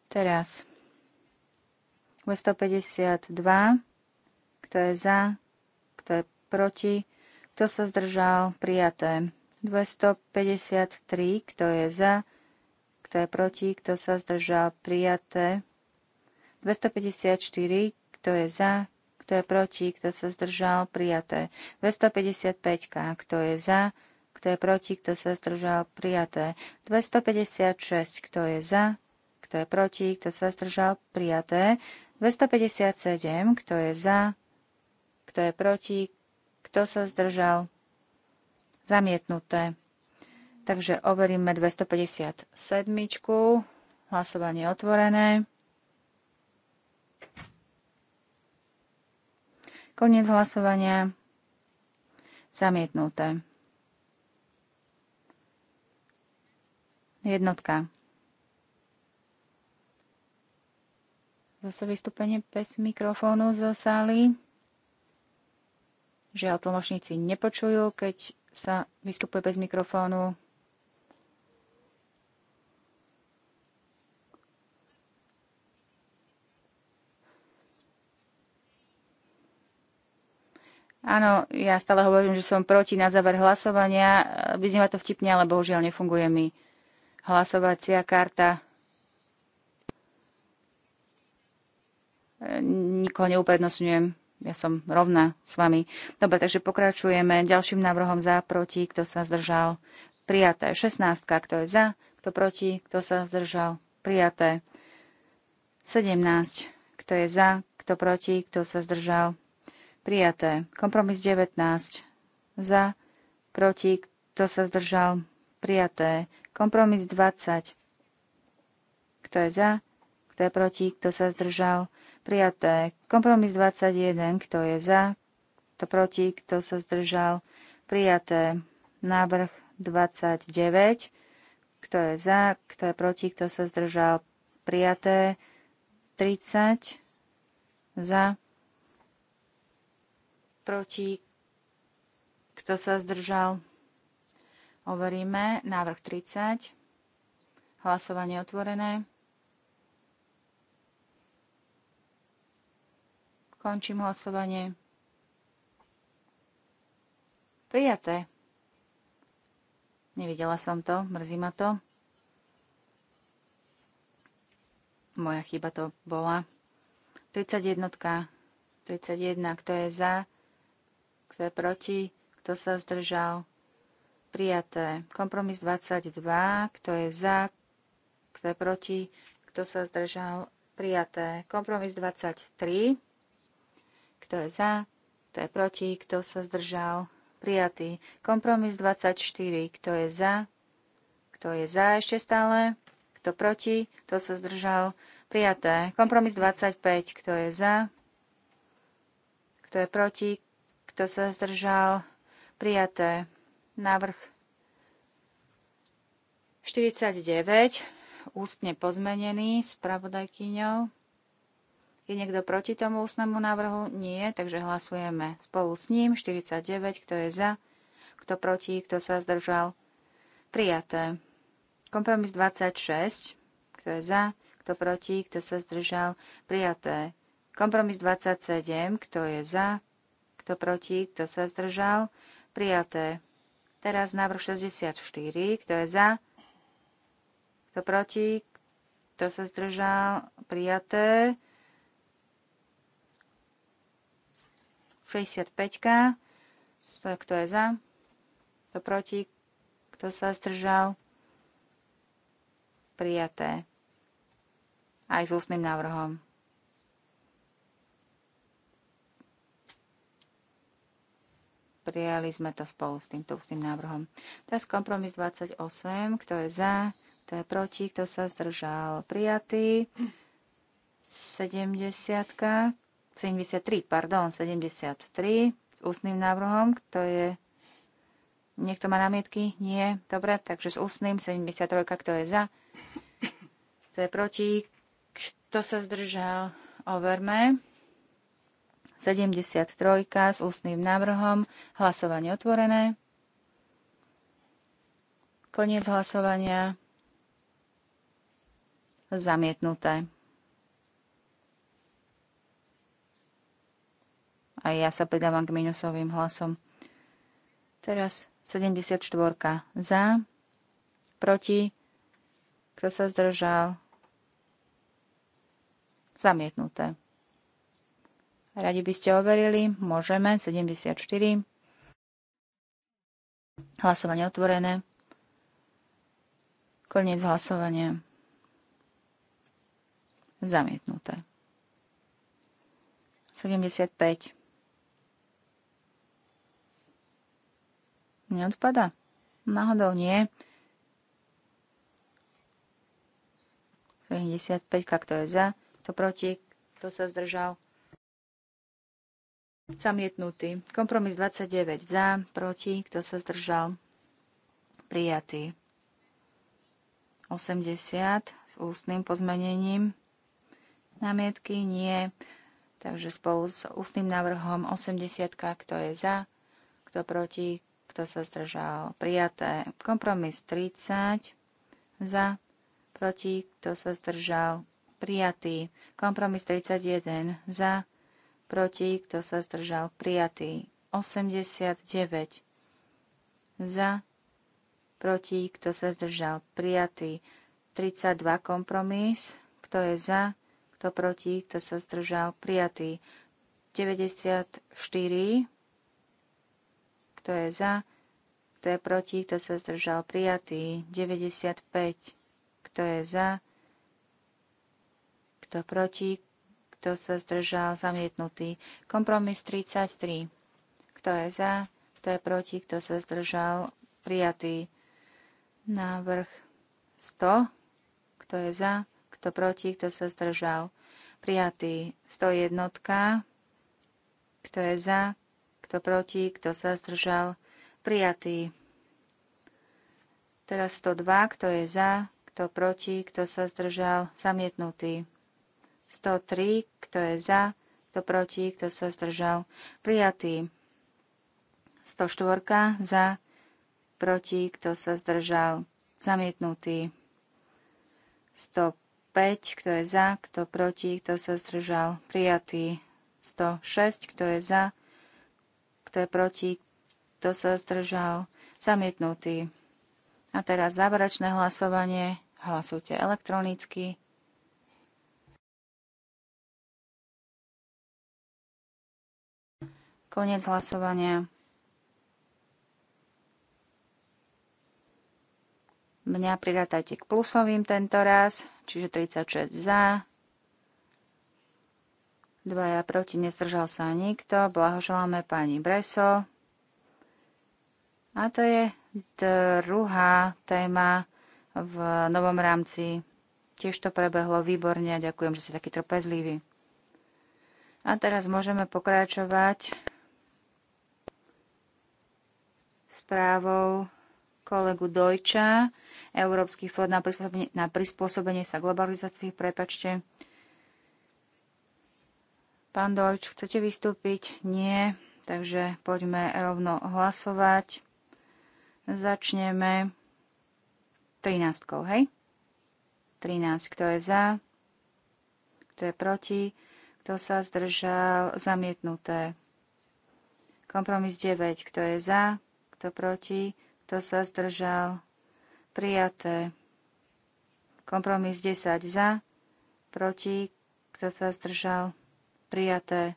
Teraz 252, kto je za, kto je proti, kto sa zdržal, prijaté. 253, kto je za, kto je proti, kto sa zdržal, prijaté. 254, kto je za, kto je proti, kto sa zdržal, prijaté. 255, kto je za, kto je proti, kto sa zdržal, prijaté. 256, kto je za, kto je proti, kto sa zdržal, prijaté. 257, kto je za, kto je proti, kto sa zdržal, zamietnuté. Takže overíme 257. Hlasovanie otvorené. Koniec hlasovania. Zamietnuté. Jednotka. Zase vystúpenie bez mikrofónu zo sály. Žiaľ, tlmočníci nepočujú, keď sa vystupuje bez mikrofónu. Áno, ja stále hovorím, že som proti na záver hlasovania. Vyznieva to vtipne, ale bohužiaľ nefunguje mi hlasovacia karta. Nikoho neuprednostňujem. Ja som rovná s vami. Dobre, takže pokračujeme ďalším návrhom za, proti, kto sa zdržal. Prijaté. 16. Kto je za, kto proti, kto sa zdržal. Prijaté. 17. Kto je za, kto proti, kto sa zdržal prijaté. Kompromis 19 za, proti, kto sa zdržal, prijaté. Kompromis 20, kto je za, kto je proti, kto sa zdržal, prijaté. Kompromis 21, kto je za, kto proti, kto sa zdržal, prijaté. Návrh 29, kto je za, kto je proti, kto sa zdržal, prijaté. 30 za, proti, kto sa zdržal. Overíme návrh 30. Hlasovanie otvorené. Končím hlasovanie. Prijaté. Nevidela som to, mrzí ma to. Moja chyba to bola. 31. 31. Kto je za? Kto je proti? Kto sa zdržal? Prijaté. Kompromis 22. Kto je za? Kto je proti? Kto sa zdržal? Prijaté. Kompromis 23. Kto je za? Kto je proti? Kto sa zdržal? Prijatý. Kompromis 24. Kto je za? Kto je za ešte stále? Kto proti? Kto sa zdržal? Prijaté. Kompromis 25. Kto je za? Kto je proti? Kto sa zdržal? Prijaté. Návrh 49, ústne pozmenený spravodajkyňou. Je niekto proti tomu ústnemu návrhu? Nie, takže hlasujeme spolu s ním. 49, kto je za, kto proti, kto sa zdržal? Prijaté. Kompromis 26, kto je za, kto proti, kto sa zdržal? Prijaté. Kompromis 27, kto je za, kto proti, kto sa zdržal, prijaté. Teraz návrh 64, kto je za, kto proti, kto sa zdržal, prijaté. 65, kto je za, kto proti, kto sa zdržal, prijaté. Aj s ústnym návrhom. Prijali sme to spolu s týmto ústnym návrhom. Teraz kompromis 28. Kto je za? Kto je proti? Kto sa zdržal? Prijatý. 70. 73, pardon, 73 s ústnym návrhom. Kto je Niekto má námietky? Nie. Dobre, takže s ústnym 73, kto je za? Kto je proti? Kto sa zdržal? Overme. 73 s ústnym návrhom. Hlasovanie otvorené. Koniec hlasovania. Zamietnuté. A ja sa pridávam k minusovým hlasom. Teraz 74 za, proti, kto sa zdržal, zamietnuté. Radi by ste overili? Môžeme. 74. Hlasovanie otvorené. Koniec hlasovania. Zamietnuté. 75. Neodpada? Náhodou nie. 75, kto je za, kto proti, kto sa zdržal, Zamietnutý. Kompromis 29 za, proti, kto sa zdržal? Prijatý. 80 s ústnym pozmenením. Namietky nie. Takže spolu s ústnym návrhom 80, kto je za, kto proti, kto sa zdržal. Prijaté. Kompromis 30 za, proti, kto sa zdržal. Prijatý. Kompromis 31 za, proti, kto sa zdržal, prijatý. 89 za, proti, kto sa zdržal, prijatý. 32 kompromis, kto je za, kto proti, kto sa zdržal, prijatý. 94, kto je za, kto je proti, kto sa zdržal, prijatý. 95, kto je za, kto proti, kto sa zdržal? Zamietnutý. Kompromis 33. Kto je za? Kto je proti? Kto sa zdržal? Prijatý. Návrh 100. Kto je za? Kto proti? Kto sa zdržal? Prijatý. 101. Kto je za? Kto proti? Kto sa zdržal? Prijatý. Teraz 102. Kto je za? Kto proti? Kto sa zdržal? Zamietnutý. 103, kto je za, kto proti, kto sa zdržal. Prijatý. 104 za, proti, kto sa zdržal. Zamietnutý. 105, kto je za, kto proti, kto sa zdržal. Prijatý. 106, kto je za, kto je proti, kto sa zdržal. Zamietnutý. A teraz záverečné hlasovanie. Hlasujte elektronicky. Koniec hlasovania. Mňa pridatajte k plusovým tento raz, čiže 36 za, dvaja proti, nezdržal sa nikto. Blahoželáme pani Breso. A to je druhá téma v novom rámci. Tiež to prebehlo výborne. a Ďakujem, že ste takí trpezliví. A teraz môžeme pokračovať správou kolegu Dojča, Európsky fond na prispôsobenie, na prispôsobenie sa globalizácii, prepačte. Pán Dojč, chcete vystúpiť? Nie, takže poďme rovno hlasovať. Začneme 13, hej? 13, kto je za? Kto je proti? Kto sa zdržal? Zamietnuté. Kompromis 9, kto je za? Kto proti? Kto sa zdržal? Prijaté. Kompromis 10 za. Proti? Kto sa zdržal? Prijaté.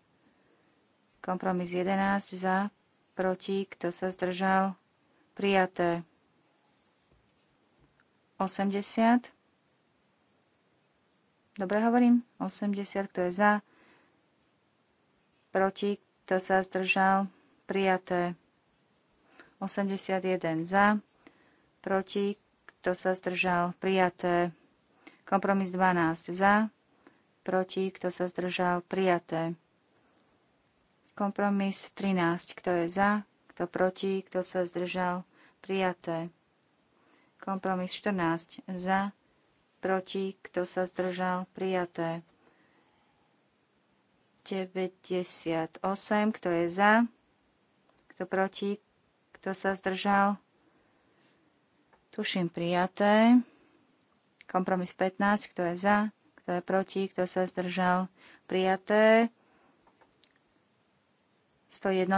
Kompromis 11 za. Proti? Kto sa zdržal? Prijaté. 80. Dobre hovorím? 80. Kto je za? Proti? Kto sa zdržal? Prijaté. 81 za, proti, kto sa zdržal, prijaté. Kompromis 12 za, proti, kto sa zdržal, prijaté. Kompromis 13, kto je za, kto proti, kto sa zdržal, prijaté. Kompromis 14 za, proti, kto sa zdržal, prijaté. 98, kto je za, kto proti, kto sa zdržal? Tuším prijaté. Kompromis 15. Kto je za? Kto je proti? Kto sa zdržal? Prijaté. 101.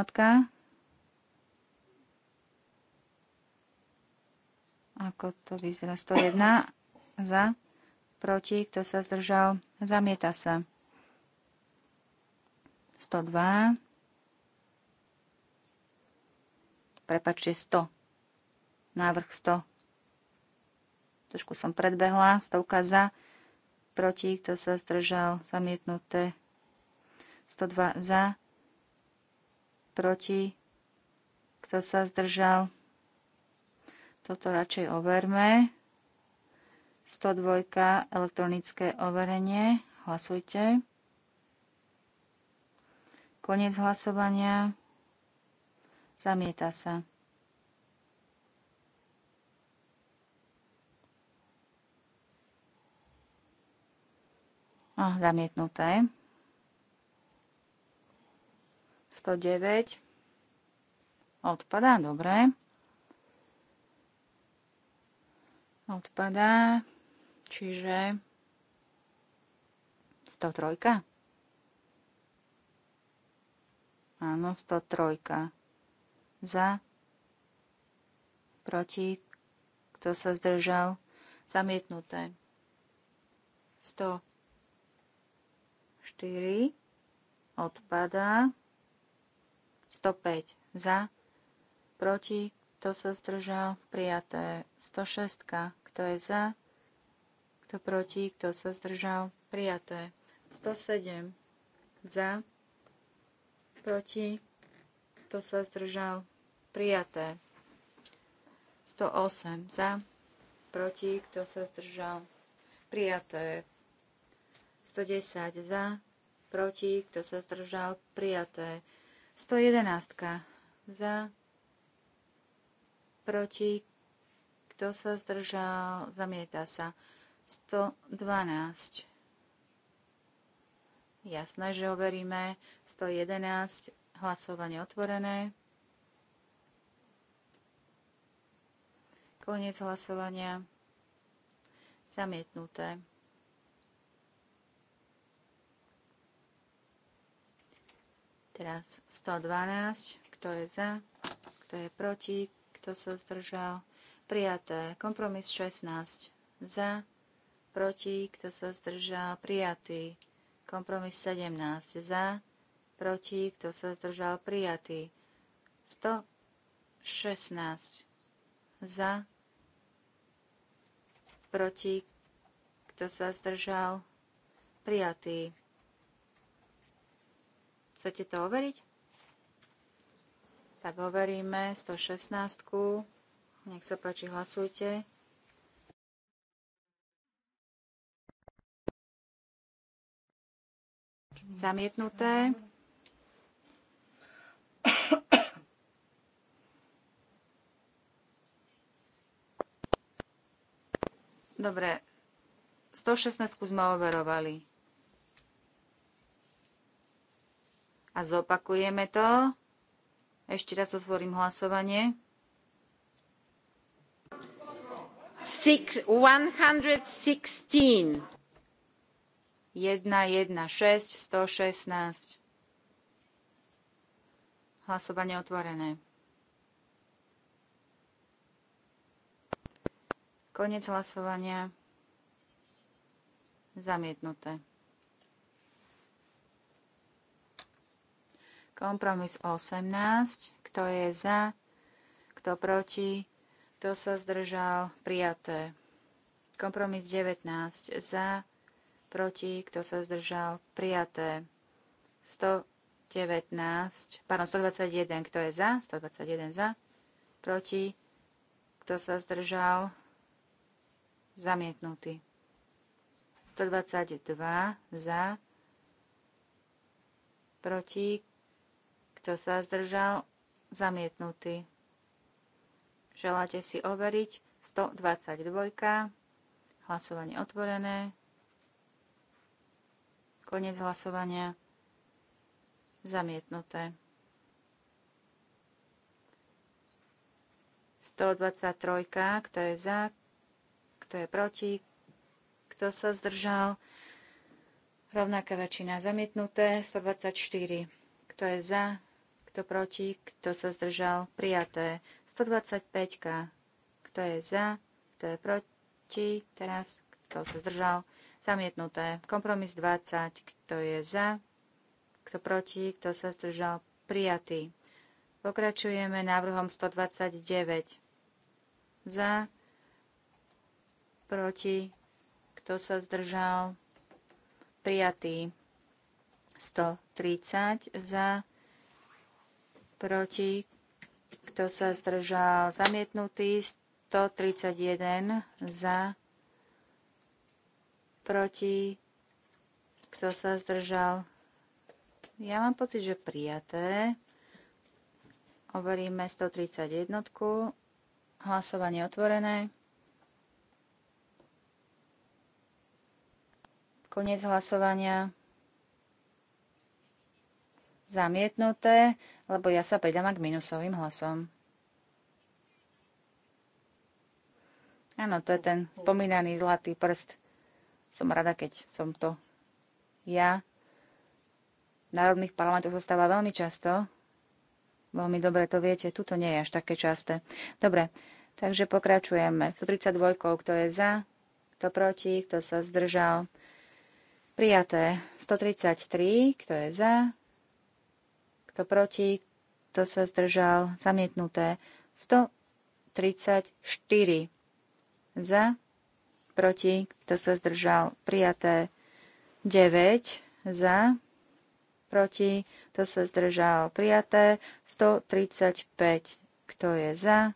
Ako to vyzerá? 101. Za. Proti. Kto sa zdržal? Zamieta sa. 102 prepačte, 100. Návrh 100. Trošku som predbehla, stovka za, proti, kto sa zdržal, zamietnuté. 102 za, proti, kto sa zdržal. Toto radšej overme. 102 elektronické overenie. Hlasujte. Koniec hlasovania. Zamieta sa. A, zamietnuté. 109. Odpadá, dobre. Odpadá, čiže 103. Áno, 103 za, proti, kto sa zdržal, zamietnuté. 104 odpadá, 105 za, proti, kto sa zdržal, prijaté. 106, kto je za, kto proti, kto sa zdržal, prijaté. 107 za, proti, kto sa zdržal? Prijaté. 108 za. Proti. Kto sa zdržal? Prijaté. 110 za. Proti. Kto sa zdržal? Prijaté. 111 za. Proti. Kto sa zdržal? Zamieta sa. 112. Jasné, že overíme. 111. Hlasovanie otvorené. Koniec hlasovania. Zamietnuté. Teraz 112. Kto je za? Kto je proti? Kto sa zdržal? Prijaté. Kompromis 16. Za? Proti? Kto sa zdržal? Prijatý. Kompromis 17. Za? proti, kto sa zdržal prijatý. 116 za, proti, kto sa zdržal prijatý. Chcete to overiť? Tak overíme 116. -ku. Nech sa páči, hlasujte. Zamietnuté. Dobre, 116 sme overovali. A zopakujeme to. Ešte raz otvorím hlasovanie. 116. 6, 116. Hlasovanie otvorené. Konec hlasovania. Zamietnuté. Kompromis 18. Kto je za? Kto proti? Kto sa zdržal? Prijaté. Kompromis 19. Za? Proti? Kto sa zdržal? Prijaté. 119, pardon, 121, kto je za? 121 za. Proti? Kto sa zdržal? Zamietnutý. 122 za. Proti. Kto sa zdržal? Zamietnutý. Želáte si overiť? 122. Hlasovanie otvorené. Konec hlasovania. Zamietnuté. 123. Kto je za? kto je proti, kto sa zdržal. Rovnaká väčšina zamietnuté, 124. Kto je za, kto proti, kto sa zdržal, prijaté. 125. Kto je za, kto je proti, teraz kto sa zdržal, zamietnuté. Kompromis 20. Kto je za, kto proti, kto sa zdržal, prijatý. Pokračujeme návrhom 129. Za, proti, kto sa zdržal, prijatý. 130 za, proti, kto sa zdržal, zamietnutý. 131 za, proti, kto sa zdržal. Ja mám pocit, že prijaté. Overíme 131. Hlasovanie otvorené. Konec hlasovania. Zamietnuté, lebo ja sa pridám k minusovým hlasom. Áno, to je ten spomínaný zlatý prst. Som rada, keď som to ja. V národných parlamentoch sa stáva veľmi často. Veľmi dobre to viete, tuto nie je až také časté. Dobre, takže pokračujeme. 132, kto je za, kto proti, kto sa zdržal Prijaté 133, kto je za, kto proti, kto sa zdržal, zamietnuté 134 za, proti, kto sa zdržal, prijaté 9 za, proti, kto sa zdržal, prijaté 135, kto je za,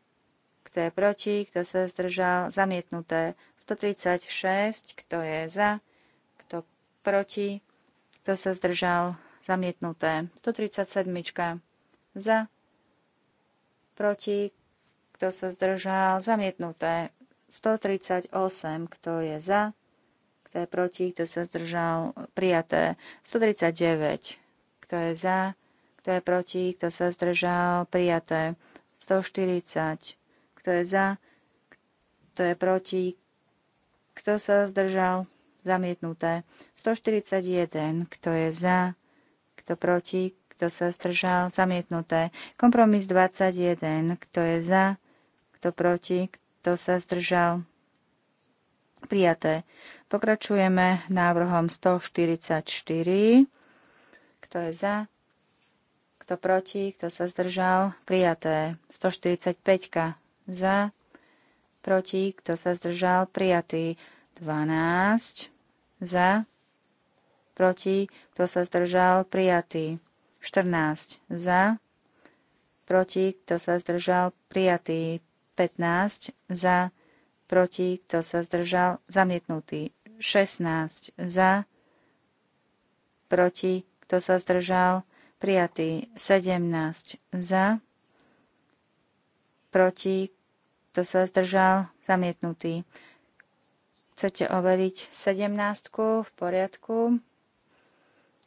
kto je proti, kto sa zdržal, zamietnuté 136, kto je za, proti, kto sa zdržal, zamietnuté. 137 za, proti, kto sa zdržal, zamietnuté. 138, kto je za, kto je proti, kto sa zdržal, prijaté. 139, kto je za, kto je proti, kto sa zdržal, prijaté. 140, kto je za, kto je proti, kto sa zdržal, zamietnuté. 141, kto je za, kto proti, kto sa zdržal, zamietnuté. Kompromis 21, kto je za, kto proti, kto sa zdržal, prijaté. Pokračujeme návrhom 144, kto je za, kto proti, kto sa zdržal, prijaté. 145 za, proti, kto sa zdržal, prijatý. 12 za, proti, kto sa zdržal, prijatý. 14 za, proti, kto sa zdržal, prijatý. 15 za, proti, kto sa zdržal, zamietnutý. 16 za, proti, kto sa zdržal, prijatý. 17 za, proti, kto sa zdržal, zamietnutý. Chcete overiť 17 v poriadku.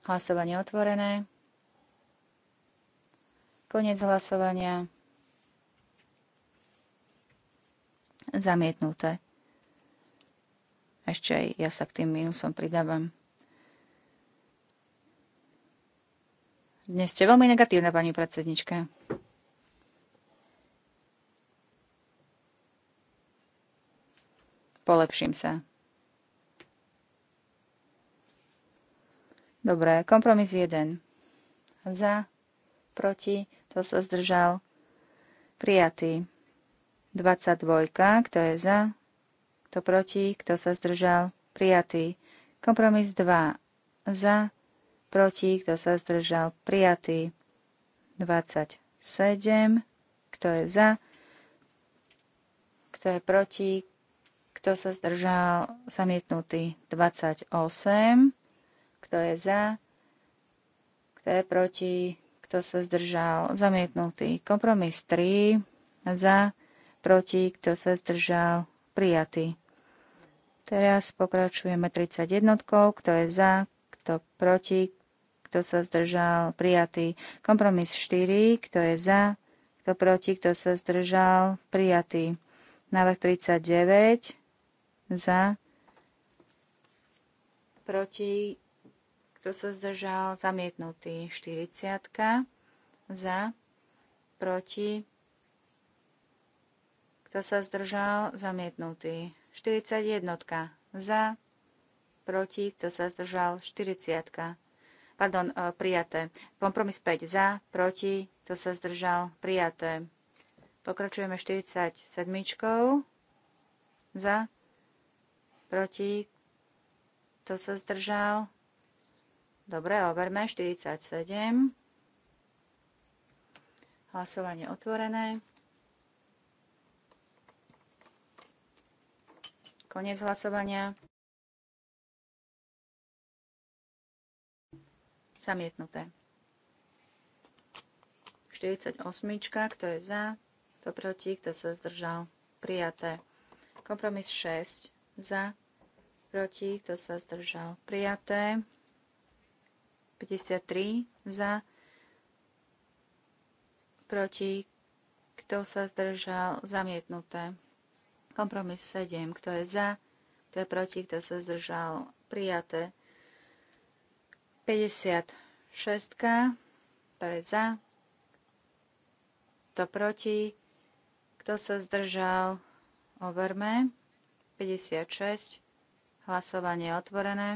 Hlasovanie otvorené. Konec hlasovania. Zamietnuté. Ešte aj ja sa k tým minusom pridávam. Dnes ste veľmi negatívna, pani predsednička. Polepším sa. Dobre, kompromis 1. Za, proti, to sa zdržal. Prijatý. 22, kto je za, kto proti, kto sa zdržal. Prijatý. Kompromis 2. Za, proti, kto sa zdržal. Prijatý. 27, kto je za, kto je proti, kto sa zdržal? Zamietnutý 28. Kto je za? Kto je proti? Kto sa zdržal? Zamietnutý. Kompromis 3. Za? Proti? Kto sa zdržal? Prijatý. Teraz pokračujeme 31. Kto je za? Kto proti? Kto sa zdržal? Prijatý. Kompromis 4. Kto je za? Kto proti? Kto sa zdržal? Prijatý. Návrh 39 za, proti, kto sa zdržal, zamietnutý 40 za, proti, kto sa zdržal, zamietnutý 41 za, proti, kto sa zdržal, 40 pardon, e, prijaté. Kompromis 5 za, proti, kto sa zdržal, prijaté. Pokračujeme 47 za, proti, kto sa zdržal. Dobre, overme 47. Hlasovanie otvorené. Koniec hlasovania. Zamietnuté. 48. Kto je za? Kto proti? Kto sa zdržal? Prijaté. Kompromis 6. Za proti, kto sa zdržal. Prijaté. 53 za, proti, kto sa zdržal, zamietnuté. Kompromis 7, kto je za, kto je proti, kto sa zdržal, prijaté. 56, to je za, kto proti, kto sa zdržal, overme. 56, Hlasovanie je otvorené.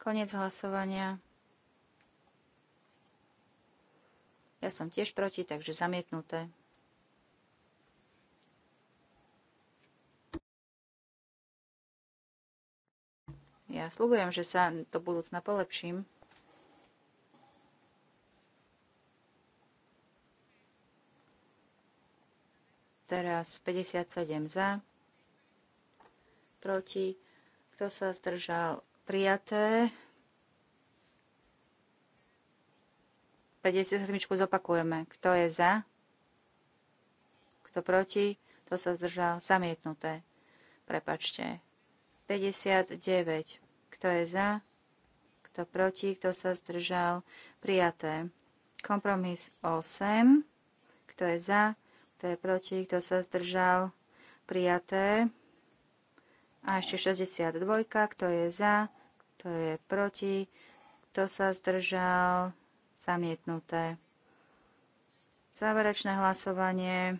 Konec hlasovania. Ja som tiež proti, takže zamietnuté. Ja slúbujem, že sa to budúcna polepším. Teraz 57 za, proti, kto sa zdržal, prijaté. 57 zopakujeme. Kto je za? Kto proti? Kto sa zdržal? Zamietnuté. Prepačte. 59. Kto je za? Kto proti? Kto sa zdržal? Prijaté. Kompromis 8. Kto je za? Kto je proti? Kto sa zdržal? Prijaté. A ešte 62, kto je za, kto je proti, kto sa zdržal, zamietnuté. Záverečné hlasovanie.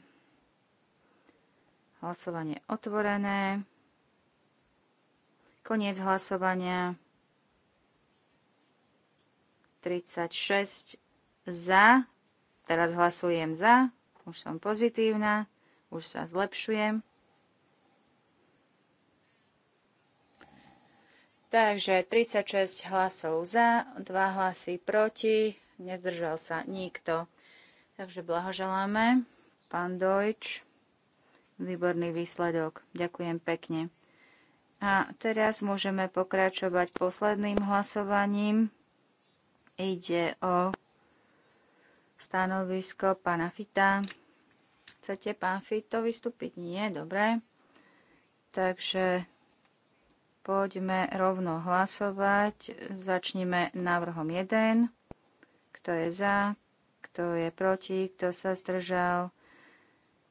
Hlasovanie otvorené. Koniec hlasovania. 36 za. Teraz hlasujem za. Už som pozitívna. Už sa zlepšujem. Takže 36 hlasov za, 2 hlasy proti, nezdržal sa nikto. Takže blahoželáme. Pán Dojč, výborný výsledok. Ďakujem pekne. A teraz môžeme pokračovať posledným hlasovaním. Ide o stanovisko pána Fita. Chcete pán Fito vystúpiť? Nie, dobre. Takže Poďme rovno hlasovať. Začnime návrhom 1. Kto je za? Kto je proti? Kto sa zdržal?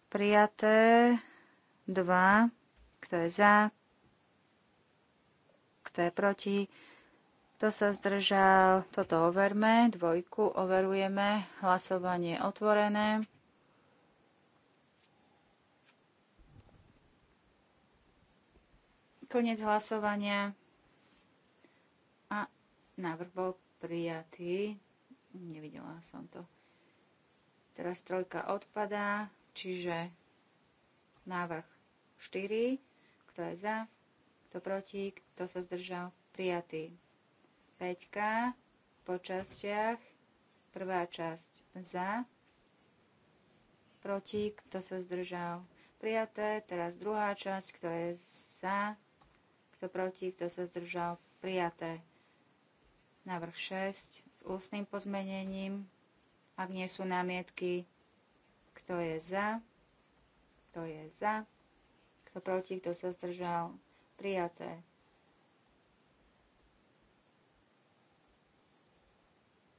Prijaté. 2. Kto je za? Kto je proti? Kto sa zdržal? Toto overme. Dvojku overujeme. Hlasovanie otvorené. Koniec hlasovania. A návrh bol prijatý. Nevidela som to. Teraz trojka odpadá, čiže návrh 4. Kto je za? Kto proti? Kto sa zdržal? Prijatý. 5. Po častiach. Prvá časť za. Proti? Kto sa zdržal? Prijaté. Teraz druhá časť. Kto je za? kto proti, kto sa zdržal, prijaté. Návrh 6 s ústnym pozmenením, ak nie sú námietky, kto je za, kto je za, kto proti, kto sa zdržal, prijaté.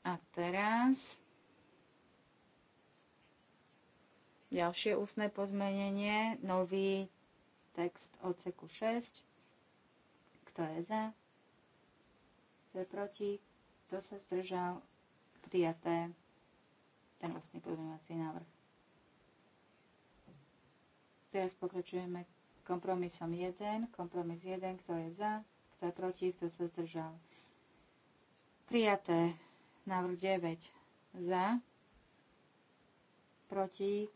A teraz ďalšie ústne pozmenenie, nový text odseku 6. Kto je za? Kto je proti? Kto sa zdržal? Prijaté ten ústny pozmeňovací návrh. Teraz pokračujeme kompromisom 1. Kompromis 1. Kto je za? Kto je proti? Kto sa zdržal? Prijaté. Návrh 9. Za. Proti.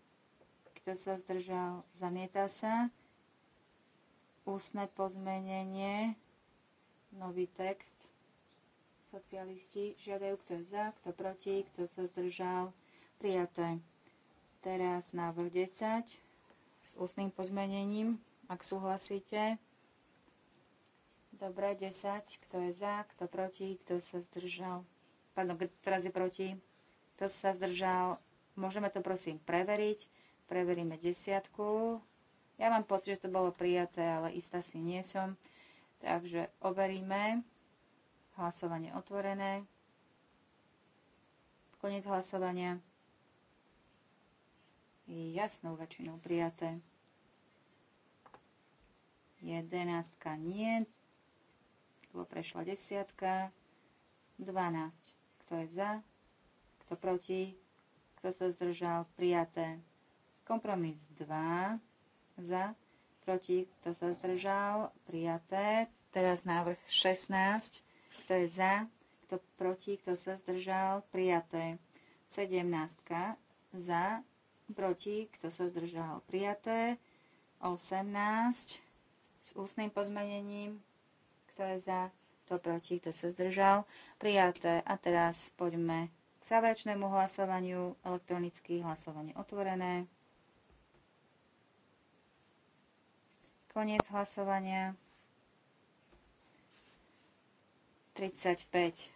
Kto sa zdržal? Zamieta sa. Ústne pozmenenie nový text. Socialisti žiadajú, kto je za, kto proti, kto sa zdržal. Prijaté. Teraz návrh 10 s ústnym pozmenením, ak súhlasíte. Dobre, 10. Kto je za, kto proti, kto sa zdržal. Pardon, teraz je proti. Kto sa zdržal. Môžeme to prosím preveriť. Preveríme desiatku. Ja mám pocit, že to bolo prijaté, ale istá si nie som. Takže overíme. Hlasovanie otvorené. Koniec hlasovania. Jasnou väčšinou prijaté. Jedenáctka nie, lebo prešla desiatka. 12. Kto je za? Kto proti? Kto sa zdržal? Prijaté. Kompromis 2. Za proti, kto sa zdržal, prijaté. Teraz návrh 16, kto je za, kto proti, kto sa zdržal, prijaté. 17 za, proti, kto sa zdržal, prijaté. 18 s ústnym pozmenením, kto je za, kto proti, kto sa zdržal, prijaté. A teraz poďme k záverečnému hlasovaniu, elektronicky hlasovanie otvorené. Koniec hlasovania. 35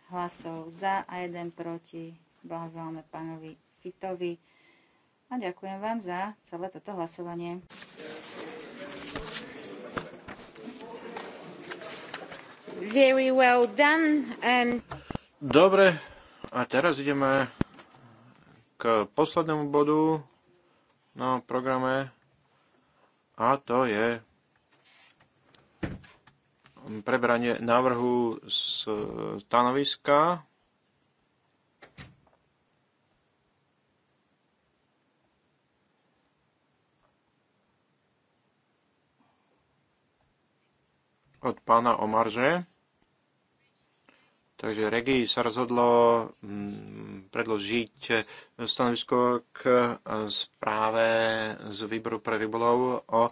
hlasov za a 1 proti. Blahoželáme pánovi Fitovi a ďakujem vám za celé toto hlasovanie. Very well done and... Dobre, a teraz ideme k poslednému bodu na programe a to je prebranie návrhu z e, stanoviska. od pána Omarže. Takže Regi sa rozhodlo mm, predložiť stanovisko k e, správe z výboru pre rybolov o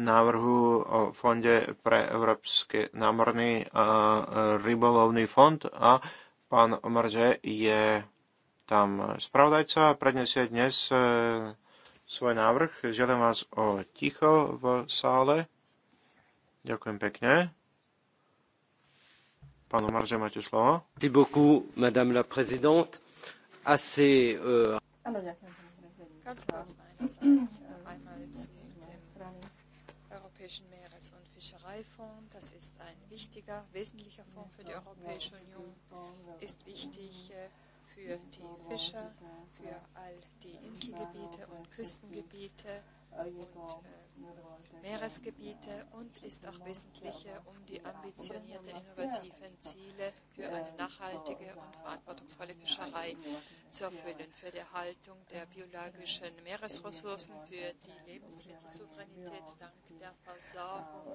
návrhu o fonde pre Európsky námorný a e, rybolovný fond a pán Omarže je tam spravodajca a predniesie dnes e, svoj návrh. Žiadam vás o ticho v sále. Ďakujem pekne. Pán Omarže, máte slovo. Ganz kurz meinerseits einmal zu dem Europäischen Meeres- und Fischereifonds. Das ist ein wichtiger, wesentlicher Fonds für die Europäische Union, ist wichtig äh, für die Fischer, für all die Inselgebiete und Küstengebiete Meeresgebiete und ist auch wesentlicher, um die ambitionierten innovativen Ziele für eine nachhaltige und verantwortungsvolle Fischerei zu erfüllen, für die Erhaltung der biologischen Meeresressourcen, für die Lebensmittelsouveränität dank der Versorgung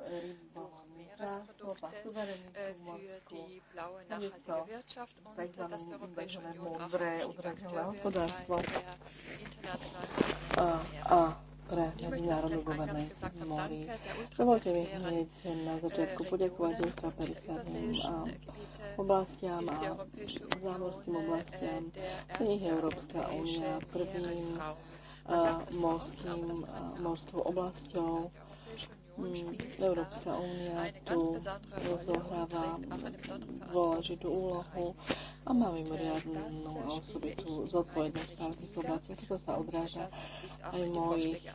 durch Meeresprodukte, äh, für die blaue nachhaltige Wirtschaft und dass die Europäische Union auch ein wichtiger Akteur wird bei der internationalen Meeresmeer pre medzinárodnú guverné mori. Dovolte mi hneď na eh, začiatku poďakovať ultraperiférnym eh, oblastiam a zámorským eh, oblastiam. Pre nich je Európska únia prvým morským, morskou oblasťou Hmm. Európska únia tu rozohráva dôležitú úlohu a má mimoriadnú osobitú zodpovednosť v týchto Toto sa odráža aj v mojich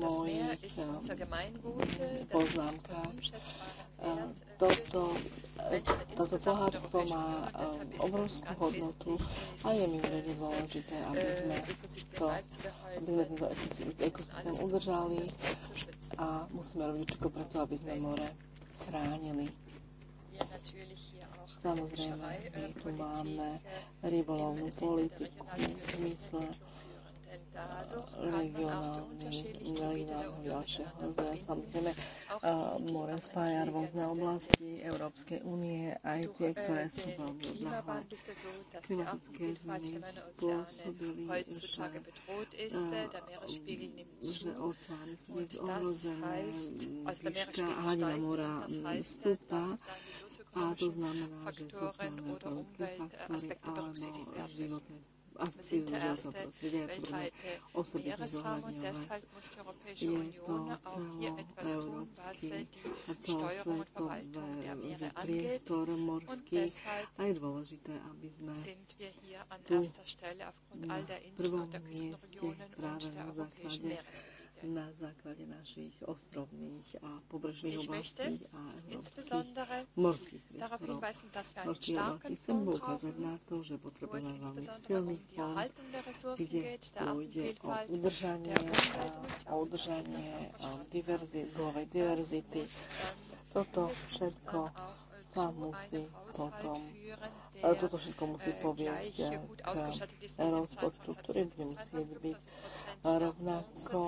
das Meer ist unser Gemeingut, poznámka. Toto, toto bohatstvo má obrovskú hodnotu a je mi veľmi dôležité, aby sme, to, aby sme tento ekosystém udržali a musíme robiť všetko preto, aby sme more chránili. Samozrejme, my äh, tu máme äh, rybolovnú politiku v mysle regionálne ďalšie. Samozrejme, more spája rôzne oblasti Európskej únie, aj tie, ktoré sú veľmi odľahlé. Klimatické zmeny spôsobili, že, že oceány sú byť ohrozené, výška hladina mora stúpa a to znamená, že sociálne ekonomické faktory a životné Wir sind der erste weltweite Meeresraum und deshalb muss die Europäische Union auch hier etwas tun, was die Steuerung und Verwaltung der Meere angeht. Und deshalb sind wir hier an erster Stelle aufgrund all der Inseln und der Küstenregionen und der europäischen Meeresregionen na základe našich ostrovných a pobrežných oblastí a morských priestorov. oblastí chcem poukázať na to, že potrebujeme veľmi silný plán, kde pôjde o udržanie, o udržanie diverzitovej diverzity. Toto všetko eh, sa musí potom toto všetko musí poviesť k rozpočtu, ktorý bude musieť byť rovnako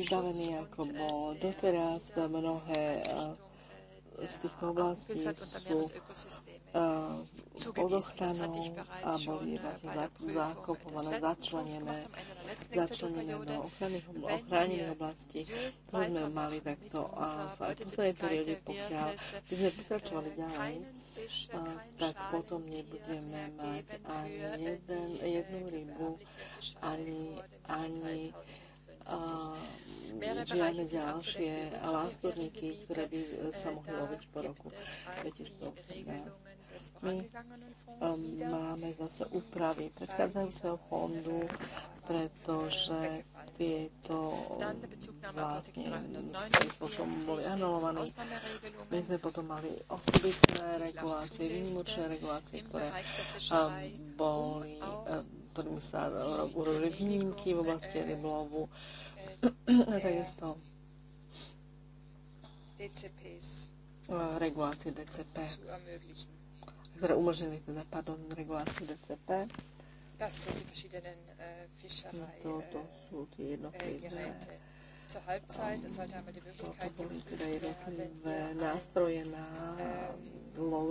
vybavený, ako bol doteraz. Mnohé z týchto oblastí sú pod ochranou a boli vlastne zakopované, začlenené, začlenené do ochránených oblastí, ktoré sme mali takto a v poslednej perióde, pokiaľ by sme pokračovali ďalej, tak potom nebudeme mať ani jeden, jednu rybu, ani, ani žiadne ďalšie lástorníky, ktoré by sa mohli loviť po roku 2018. My um, máme zase úpravy predchádzajúceho fondu, pretože tieto vlastne spôsobom boli anulované. My sme potom mali osobitné regulácie, výnimočné regulácie, ktoré boli, ktorými sa urobili výnimky v oblasti rybolovu. [coughs] A takisto regulácie DCP, ktoré umožnili teda, pardon, reguláciu DCP. Das sind die verschiedenen äh, toto sú tie jednotlivé eh, toto boli teda jednotlivé nástroje na ähm, low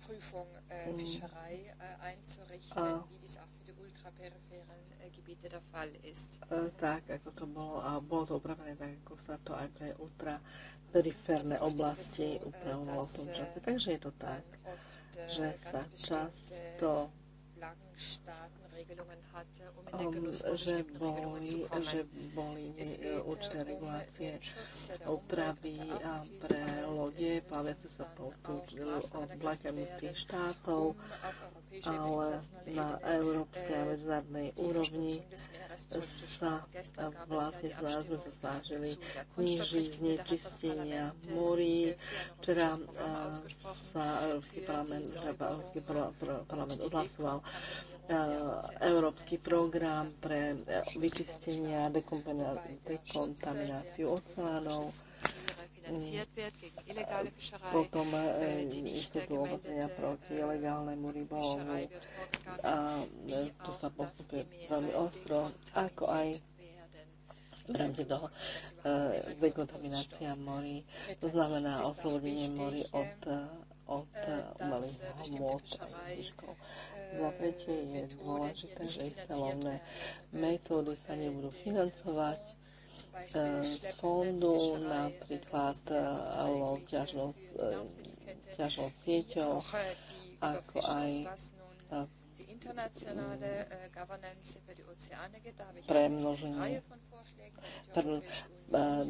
Prüfung äh, mm. äh, ah. äh, tak, ako to bolo, a bolo to upravené tak, ako sa to aj pre periférne oblasti upravovalo v tom čase. Takže je to tak, že sa často Eh, že, boli, že boli určité regulácie úpravy pre lode plaviace sa pod vlaťami tých štátov, um, ale na európskej a eh, medzinárodnej úrovni sa vlastne sme eh, sa snažili znižiť znečistenia morí. Včera sa Európsky parlament, parlament odhlasoval E, európsky program pre e, vyčistenie a dekontamináciu oceánov. Mm, potom e, tu obozenia proti ilegálnemu rybolovu. A tu sa postupuje veľmi ostro, ako aj v rámci toho dekontaminácia morí. To znamená oslobodenie morí od, od umelých hmôt a výškov. Za tretie je dôležité, že excelomné metódy sa nebudú financovať e, z fondu, napríklad ťažnou, e, ťažnou e, sieťou, ako aj pre množenie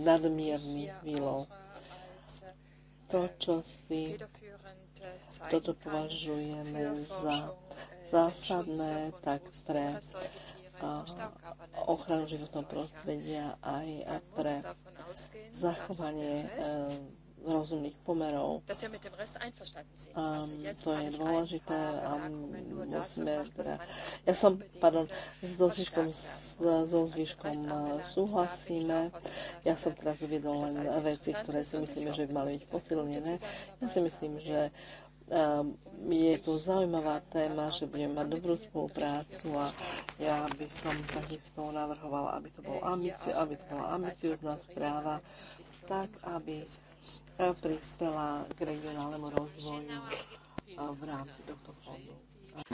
nadmierných výlov. To, čo si, toto považujeme za zásadné tak pre ochranu životného prostredia aj pre zachovanie e, rozumných pomerov. to je dôležité a musíme teda... Ja som, pardon, s dozvyškom, so zvyškom e, súhlasíme. Ja som teraz uvedol len veci, ktoré si myslíme, že by mali byť posilnené. Ja si myslím, že Ehm, je to zaujímavá téma, že budeme mať dobrú spoluprácu a ja by som takisto navrhovala, aby to, bolo ambicio, aby to bola ambiciozná správa, tak aby e, prispela k regionálnemu rozvoju e, v rámci tohto fondu.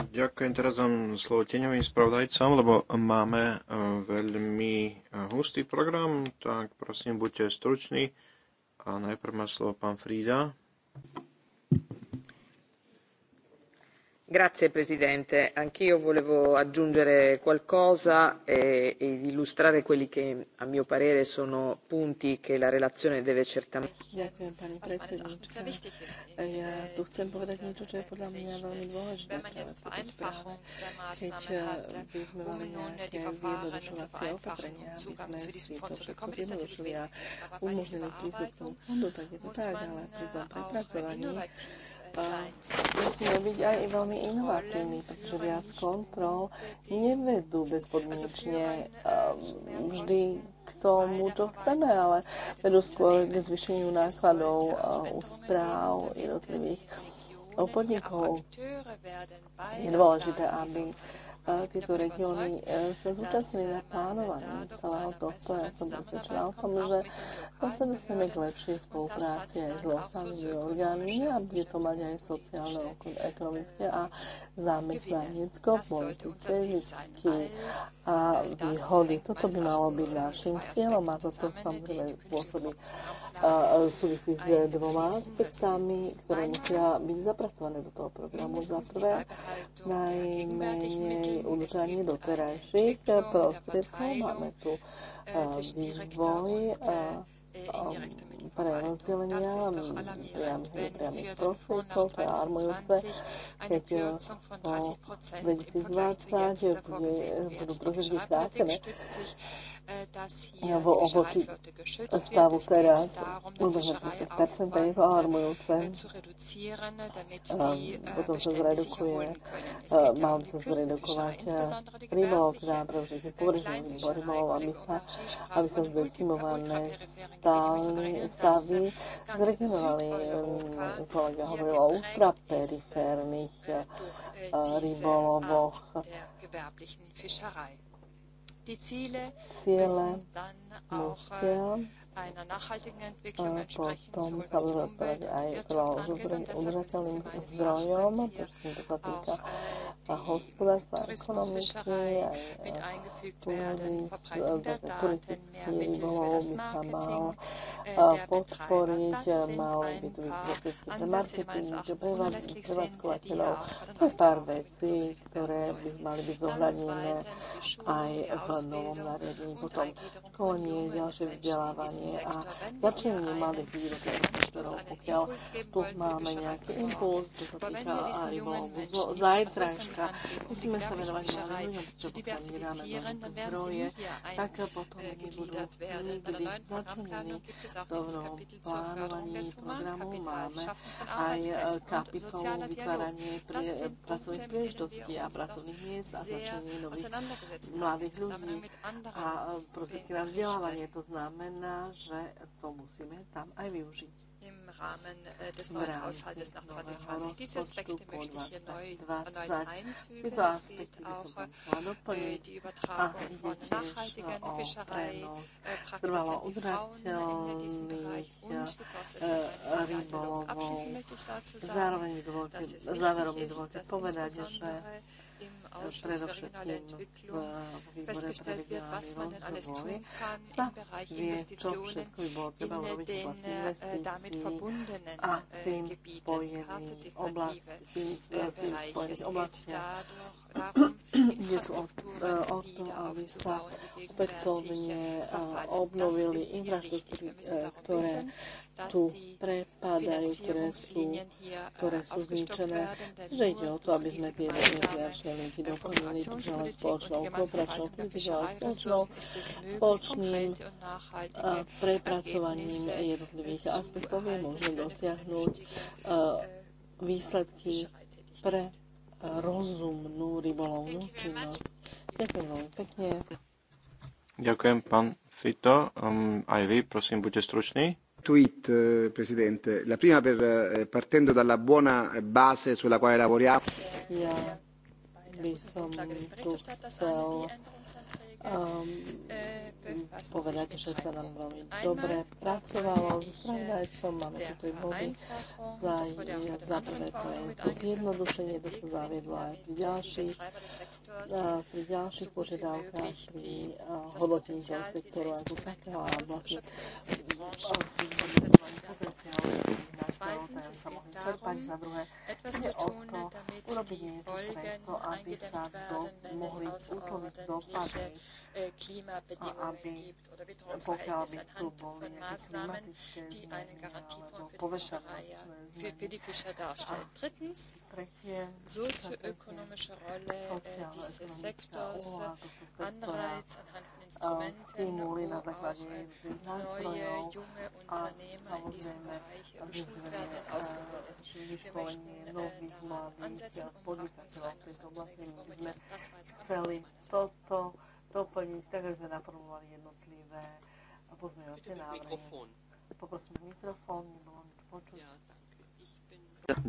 Ďakujem, teraz dám slovo teňovým spravodajcom, lebo máme e, veľmi hustý program, tak prosím, buďte struční. A najprv má slovo pán Frída. Grazie Presidente, anch'io volevo aggiungere qualcosa e, e, illustrare quelli che a mio parere sono punti che la relazione deve certamente musíme byť aj veľmi inovatívni, pretože viac kontrol nevedú bezpodmienečne vždy k tomu, čo chceme, ale vedú skôr k zvýšeniu nákladov u správ jednotlivých podnikov. Je dôležité, aby tieto regióny e, sa zúčastnili na plánovaní celého tohto. Ja som presvedčená o tom, že sa dostaneme k lepšej spolupráci aj s lokálnymi orgánmi a bude to mať aj sociálne, ekonomické a zamestnanecko politické zisky a výhody. Toto by malo byť našim cieľom a toto samozrejme pôsobí súvisí s dvoma aspektami, ktoré musia byť zapracované do toho programu. Za prvé, najmenej unutranie doterajších prostriedkov. Máme tu vývoj pre rozdelenia priamých prostriedkov pre armujúce, keď e, po 2020 e, e, budú prostriedky krátené nebo ovoci stavu, teraz udržet percent jeho harmonujúce potom sa zredukuje, mal sa zredukovať rybolov, teda pretože pobrežný rybolov, aby sa, aby sa zdecimované stavy zregenerovali. Ehm, kolega hovoril o ultraperiférnych rybolovoch. Ziele ciele, no, cieľ, potom sa budeme rozprávať aj o udržateľným zdrojom, pretože to sa týka äh, a hospodárstva, ekonomiky, aj äh, äh, turistický rybolov by sa mal podporiť, mal by tu byť marketing, prevádzkovateľov. To je pár vecí, ktoré by mali byť zohľadnené aj v novom nariadení. Potom konie, ďalšie vzdelávanie, oblasti a začnenie malých výrobných sektorov, pokiaľ tu máme nejaký impuls, čo sa týka aj zajtrajška. Musíme sa venovať malým ľuďom, čo pokiaľ nedáme zdroje, tak potom eh, nebudú teda nikdy začlenení do novom plánovaní programu. Máme aj eh, kapitolu vytváranie pracovných príležitostí a pracovných miest a začlenie nových mladých ľudí a proste vzdelávanie. To znamená, že to musíme tam aj využiť. Im Rahmen eh, des neuen Haushaltes nach 2020. Diese Aspekte möchte ich hier neu, erneut einfügen. Es geht auch äh, die Übertragung von nachhaltiger Fischerei, äh, Praktiken, die Frauen in diesem Bereich und die Fortsetzung eines sozialen Dialogs. Abschließend möchte ich dazu sagen, dass es wichtig ist, dass insbesondere predovšetkým v výbore pre regionálny rozvoj, sa vie, čo všetko by bolo treba urobiť v oblasti eh, investícií a eh, s tým spojených oblastí, eh, s tým spojených oblastiach. Ide tu eh, o, o to, aby sa opätovne eh, obnovili infraštruktúry, eh, ktoré tu prepadajú, ktoré sú, ktoré sú zničené. Že ide o to, aby sme tie finančné linky doplnili držali spoločnou kooperačnou politikou, spoločnou, spoločným prepracovaním jednotlivých aspektov je možné dosiahnuť výsledky pre rozumnú rybolovnú činnosť. Ďakujem veľmi pekne. Ďakujem, pán Fito. Um, aj vy, prosím, buďte struční. Tweet, eh, Presidente. La prima per, eh, partendo dalla buona base sulla quale lavoriamo. Ja by som tu chcel um, povedať, že sa nám veľmi dobre pracovalo s spravodajcom, máme tu tri body. Za, za prvé to je to zjednodušenie, to sa zaviedlo aj pri ďalších, a, pri ďalších požiadavkách, pri hodnotení sektoru a takého a vlastne Zweitens, es geht darum, etwas zu tun, damit die Folgen angegangen werden, wenn es außerordentliche Äh, Klimabedingungen gibt oder Witterungsverhältnisse anhand von Maßnahmen, die eine Garantieform äh, für die, Fischerei, für, für die Fischer darstellen. Drittens, sozioökonomische Rolle äh, dieses Sektors, Anreiz anhand von Instrumenten, wo um auch neue, junge Unternehmer in diesem Bereich geschult werden und ausgebildet. Wir möchten äh, daran ansetzen, um unsere zu formulieren. Das war jetzt ganz kurz meinerseits doplniť, takže sme naformulovali jednotlivé pozmeňovacie návrhy. Poprosíme mikrofón, nebolo nič počuť.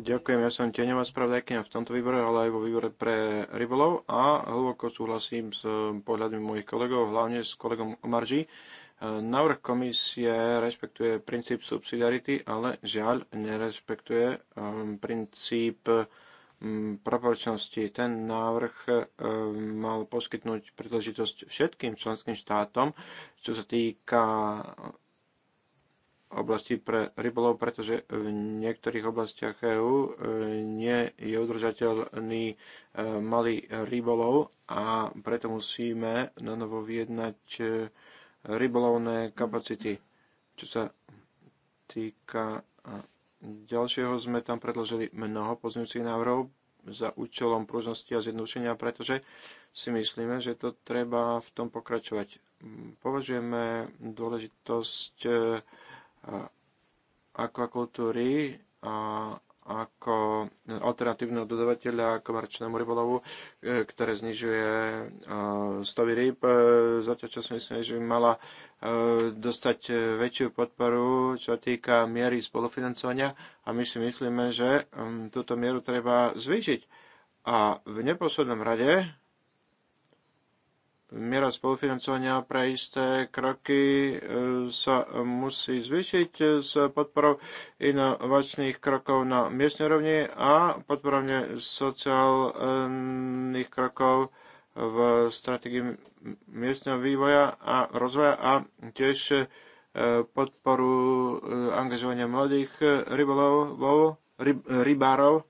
Ďakujem, ja som tieňová spravodajkynia v tomto výbore, ale aj vo výbore pre rybolov a hlboko súhlasím s pohľadmi mojich kolegov, hlavne s kolegom Omarží. Návrh komisie rešpektuje princíp subsidiarity, ale žiaľ nerešpektuje um, princíp Mm, proporčnosti. Ten návrh e, mal poskytnúť príležitosť všetkým členským štátom, čo sa týka oblasti pre rybolov, pretože v niektorých oblastiach EÚ e, nie je udržateľný e, malý rybolov a preto musíme na novo vyjednať rybolovné kapacity, čo sa týka ďalšieho sme tam predložili mnoho pozmeňujúcich návrhov za účelom pružnosti a zjednodušenia, pretože si myslíme, že to treba v tom pokračovať. Považujeme dôležitosť eh, akvakultúry a ako alternatívneho dodavateľa komerčnému rybolovu, e, ktoré znižuje e, stovy rýb. E, zatiaľ čo si myslím, že by mala dostať väčšiu podporu, čo týka miery spolufinancovania a my si myslíme, že túto mieru treba zvýšiť. A v neposlednom rade miera spolufinancovania pre isté kroky e, sa musí zvýšiť s podporou inovačných krokov na miestnej rovni a podporovne sociálnych krokov v strategii miestneho vývoja a rozvoja a tiež e, podporu e, angažovania mladých rybolov, ryb, rybárov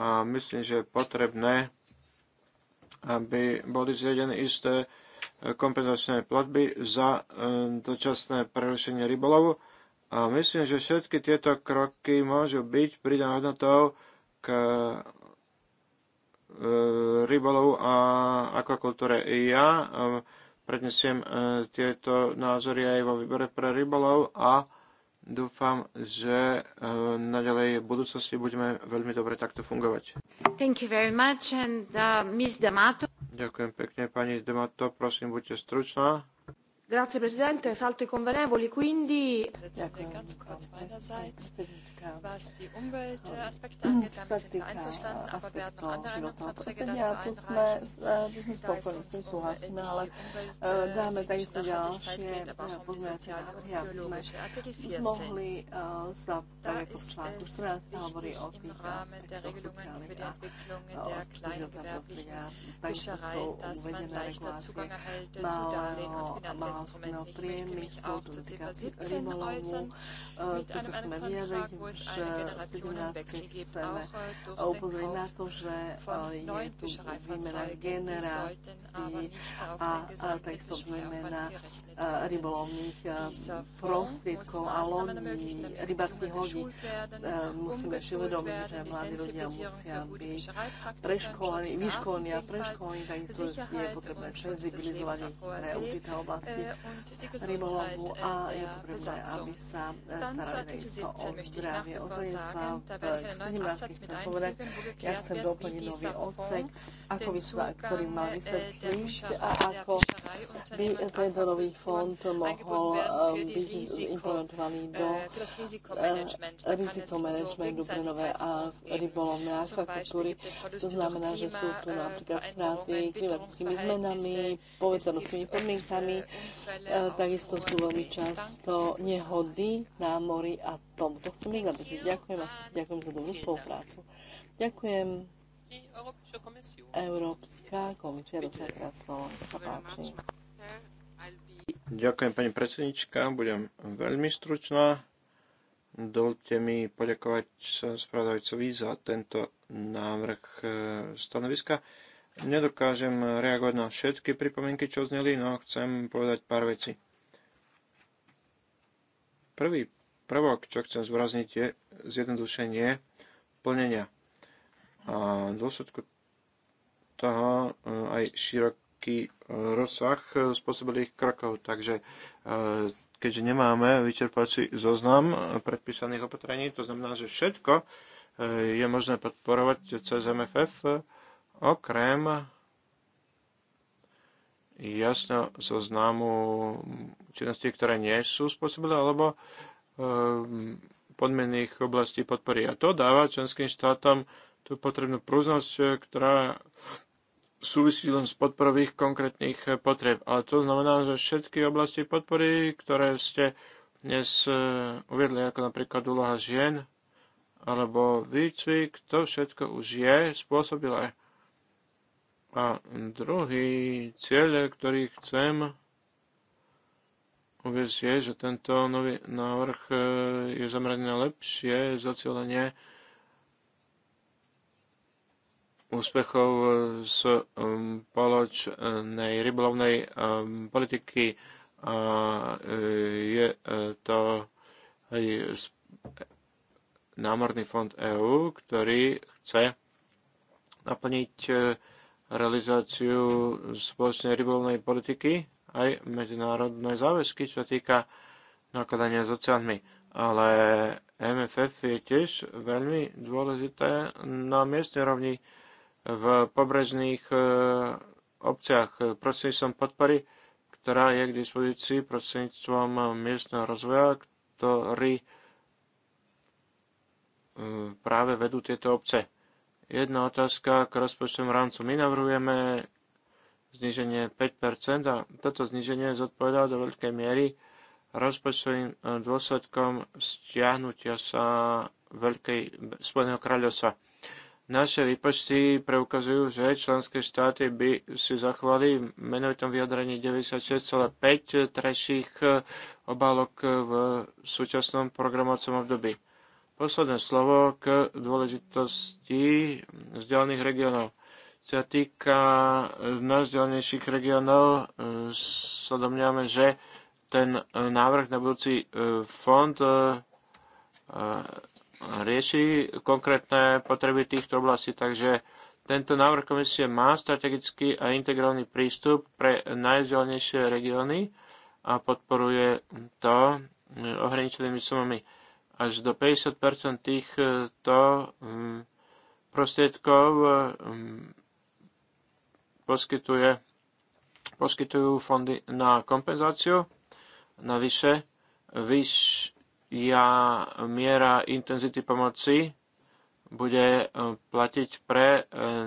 a myslím, že je potrebné aby boli zriadené isté e, kompenzačné platby za e, dočasné prerušenie rybolovu. A myslím, že všetky tieto kroky môžu byť pridanou hodnotou k e, rybolovu a akvakultúre. Ja prednesiem tieto názory aj vo výbore pre rybolov a dúfam, že e, naďalej v budúcnosti budeme veľmi dobre takto fungovať. Thank you very much and uh, Ms. D'Amato. Ďakujem pekne, pani D'Amato, prosím, buďte stručná. Grazie Presidente, salto i convenevoli, quindi... Ďakujem was die Umweltaspekte angeht, damit sind wir einverstanden, aber wir hatten noch andere Änderungsanträge dazu einreichen, da es um die Umweltpolitische Nachhaltigkeit geht, aber auch um die soziale und biologische. Artikel 14. Da ist es wichtig, im Rahmen der Regelungen für die Entwicklung der kleinen gewerblichen Fischerei, dass man leichter Zugang erhält zu Darlehen und Finanzinstrumenten. Ich möchte mich auch zu Ziffer 17 äußern mit einem Änderungsantrag, wo že si generácie chceme upozoriť na to, že e, je tu výmena generácií a, a takisto výmena e, rybolovných e, prostriedkov a lodí, rybarských lodí. Musíme si uvedomiť, že mladí ľudia musia byť preškolení, vyškolení a preškolení, takisto je potrebné senzibilizovať pre určité oblasti äh, rybolovu a äh, je potrebné, aby sa starali takisto o zdravie správy odzrejstva v Sedemnáctky chcem povedať, ja chcem doplniť nový odsek, ako by sa, ktorý mal vysvetliť a ako by tento nový fond mohol byť eh, implementovaný eh, do rizikomanagementu pre nové a rybolovné akvakultúry. To znamená, že sú tu eh, napríklad stráty klimatickými zmenami, povedzanostnými podmienkami, takisto sú veľmi často nehody na mori a tomuto chcem vyhľadať. Ďakujem vás, ďakujem za dobrú spoluprácu. Ďakujem. Európska komisia dostala teraz slovo. Sa páči. Ďakujem pani predsednička, budem veľmi stručná. Dovolte mi poďakovať sa spravodajcovi za tento návrh e, stanoviska. Nedokážem reagovať na všetky pripomienky, čo zneli, no chcem povedať pár vecí. Prvý Prvok, čo chcem zvrazniť, je zjednodušenie plnenia. A v dôsledku toho e, aj široký e, rozsah spôsobilých krokov. Takže e, keďže nemáme vyčerpací zoznam predpísaných opatrení, to znamená, že všetko je možné podporovať cez MFF, okrem jasného zoznamu činností, ktoré nie sú spôsobilé, alebo Eh, podmienných oblastí podpory. A to dáva členským štátom tú potrebnú prúznosť, eh, ktorá súvisí len s podporových konkrétnych eh, potreb. Ale to znamená, že všetky oblasti podpory, ktoré ste dnes uviedli, ako napríklad úloha žien alebo výcvik, to všetko už je spôsobilé. A druhý cieľ, ktorý chcem uviezť je, že tento nový návrh e, je zameraný na lepšie zacielenie úspechov e, z poločnej rybolovnej e, politiky a je to aj námorný fond EÚ, ktorý chce naplniť realizáciu spoločnej rybolovnej politiky aj medzinárodné záväzky, čo sa týka nakladania s oceánmi. Ale MFF je tiež veľmi dôležité na miestnej rovni v pobrežných e, obciach prostredníctvom podpory, ktorá je k dispozícii prostredníctvom miestneho rozvoja, ktorý e, práve vedú tieto obce. Jedna otázka k rozpočtovému rámcu. My navrhujeme zniženie 5% a toto zniženie zodpovedá do veľkej miery rozpočtovým e, dôsledkom stiahnutia sa Veľkej Spojeného kráľovstva. Naše výpočty preukazujú, že členské štáty by si zachovali v menovitom vyjadrení 96,5 treších e, obálok v súčasnom programovacom období. Posledné slovo k dôležitosti vzdialených regionov sa týka eh, najzdelenejších regionov, eh, sa domňame, že ten eh, návrh na budúci fond rieši konkrétne potreby týchto oblastí. Takže tento návrh komisie má strategický a integrálny prístup pre najzdelenejšie regióny a podporuje to ohraničenými sumami. Až do 50 týchto prostriedkov poskytuje, poskytujú fondy na kompenzáciu. Navyše, vyššia miera intenzity pomoci bude e, platiť pre e,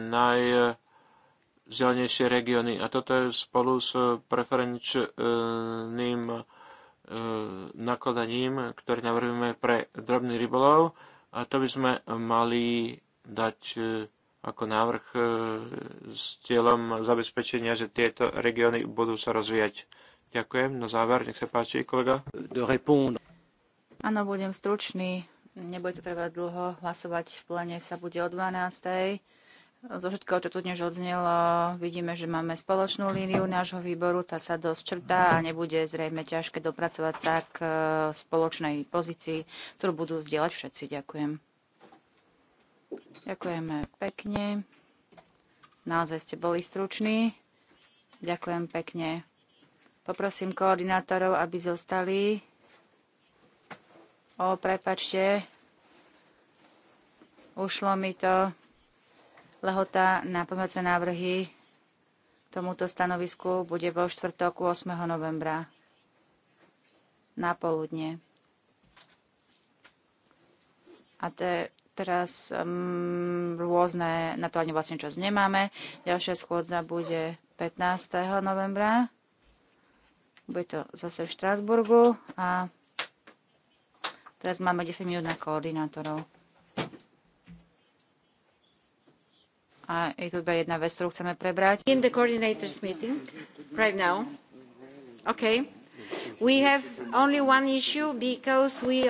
najzelenejšie regióny. A toto je spolu s preferenčným e, nakladaním, ktoré navrhujeme pre drobný rybolov. A to by sme mali dať ako návrh e, s cieľom zabezpečenia, že tieto regióny budú sa rozvíjať. Ďakujem. Na záver, nech sa páči, kolega. Áno, budem stručný. Nebude to trvať dlho. Hlasovať v plene sa bude o 12. Zo všetkého, čo tu dnes odznelo, vidíme, že máme spoločnú líniu nášho výboru, tá sa dosť črtá a nebude zrejme ťažké dopracovať sa k e, spoločnej pozícii, ktorú budú zdieľať všetci. Ďakujem. Ďakujeme pekne. Naozaj ste boli struční. Ďakujem pekne. Poprosím koordinátorov, aby zostali. O, prepačte. Ušlo mi to. Lehota na pomocné návrhy tomuto stanovisku bude vo štvrtok 8. novembra na poludne. A je teraz um, rôzne, na to ani vlastne čas nemáme. Ďalšia schôdza bude 15. novembra. Bude to zase v Štrásburgu a teraz máme 10 minút na koordinátorov. A je tu iba jedna vec, ktorú chceme prebrať. In the coordinators meeting, right now. Okay. We have only one issue because we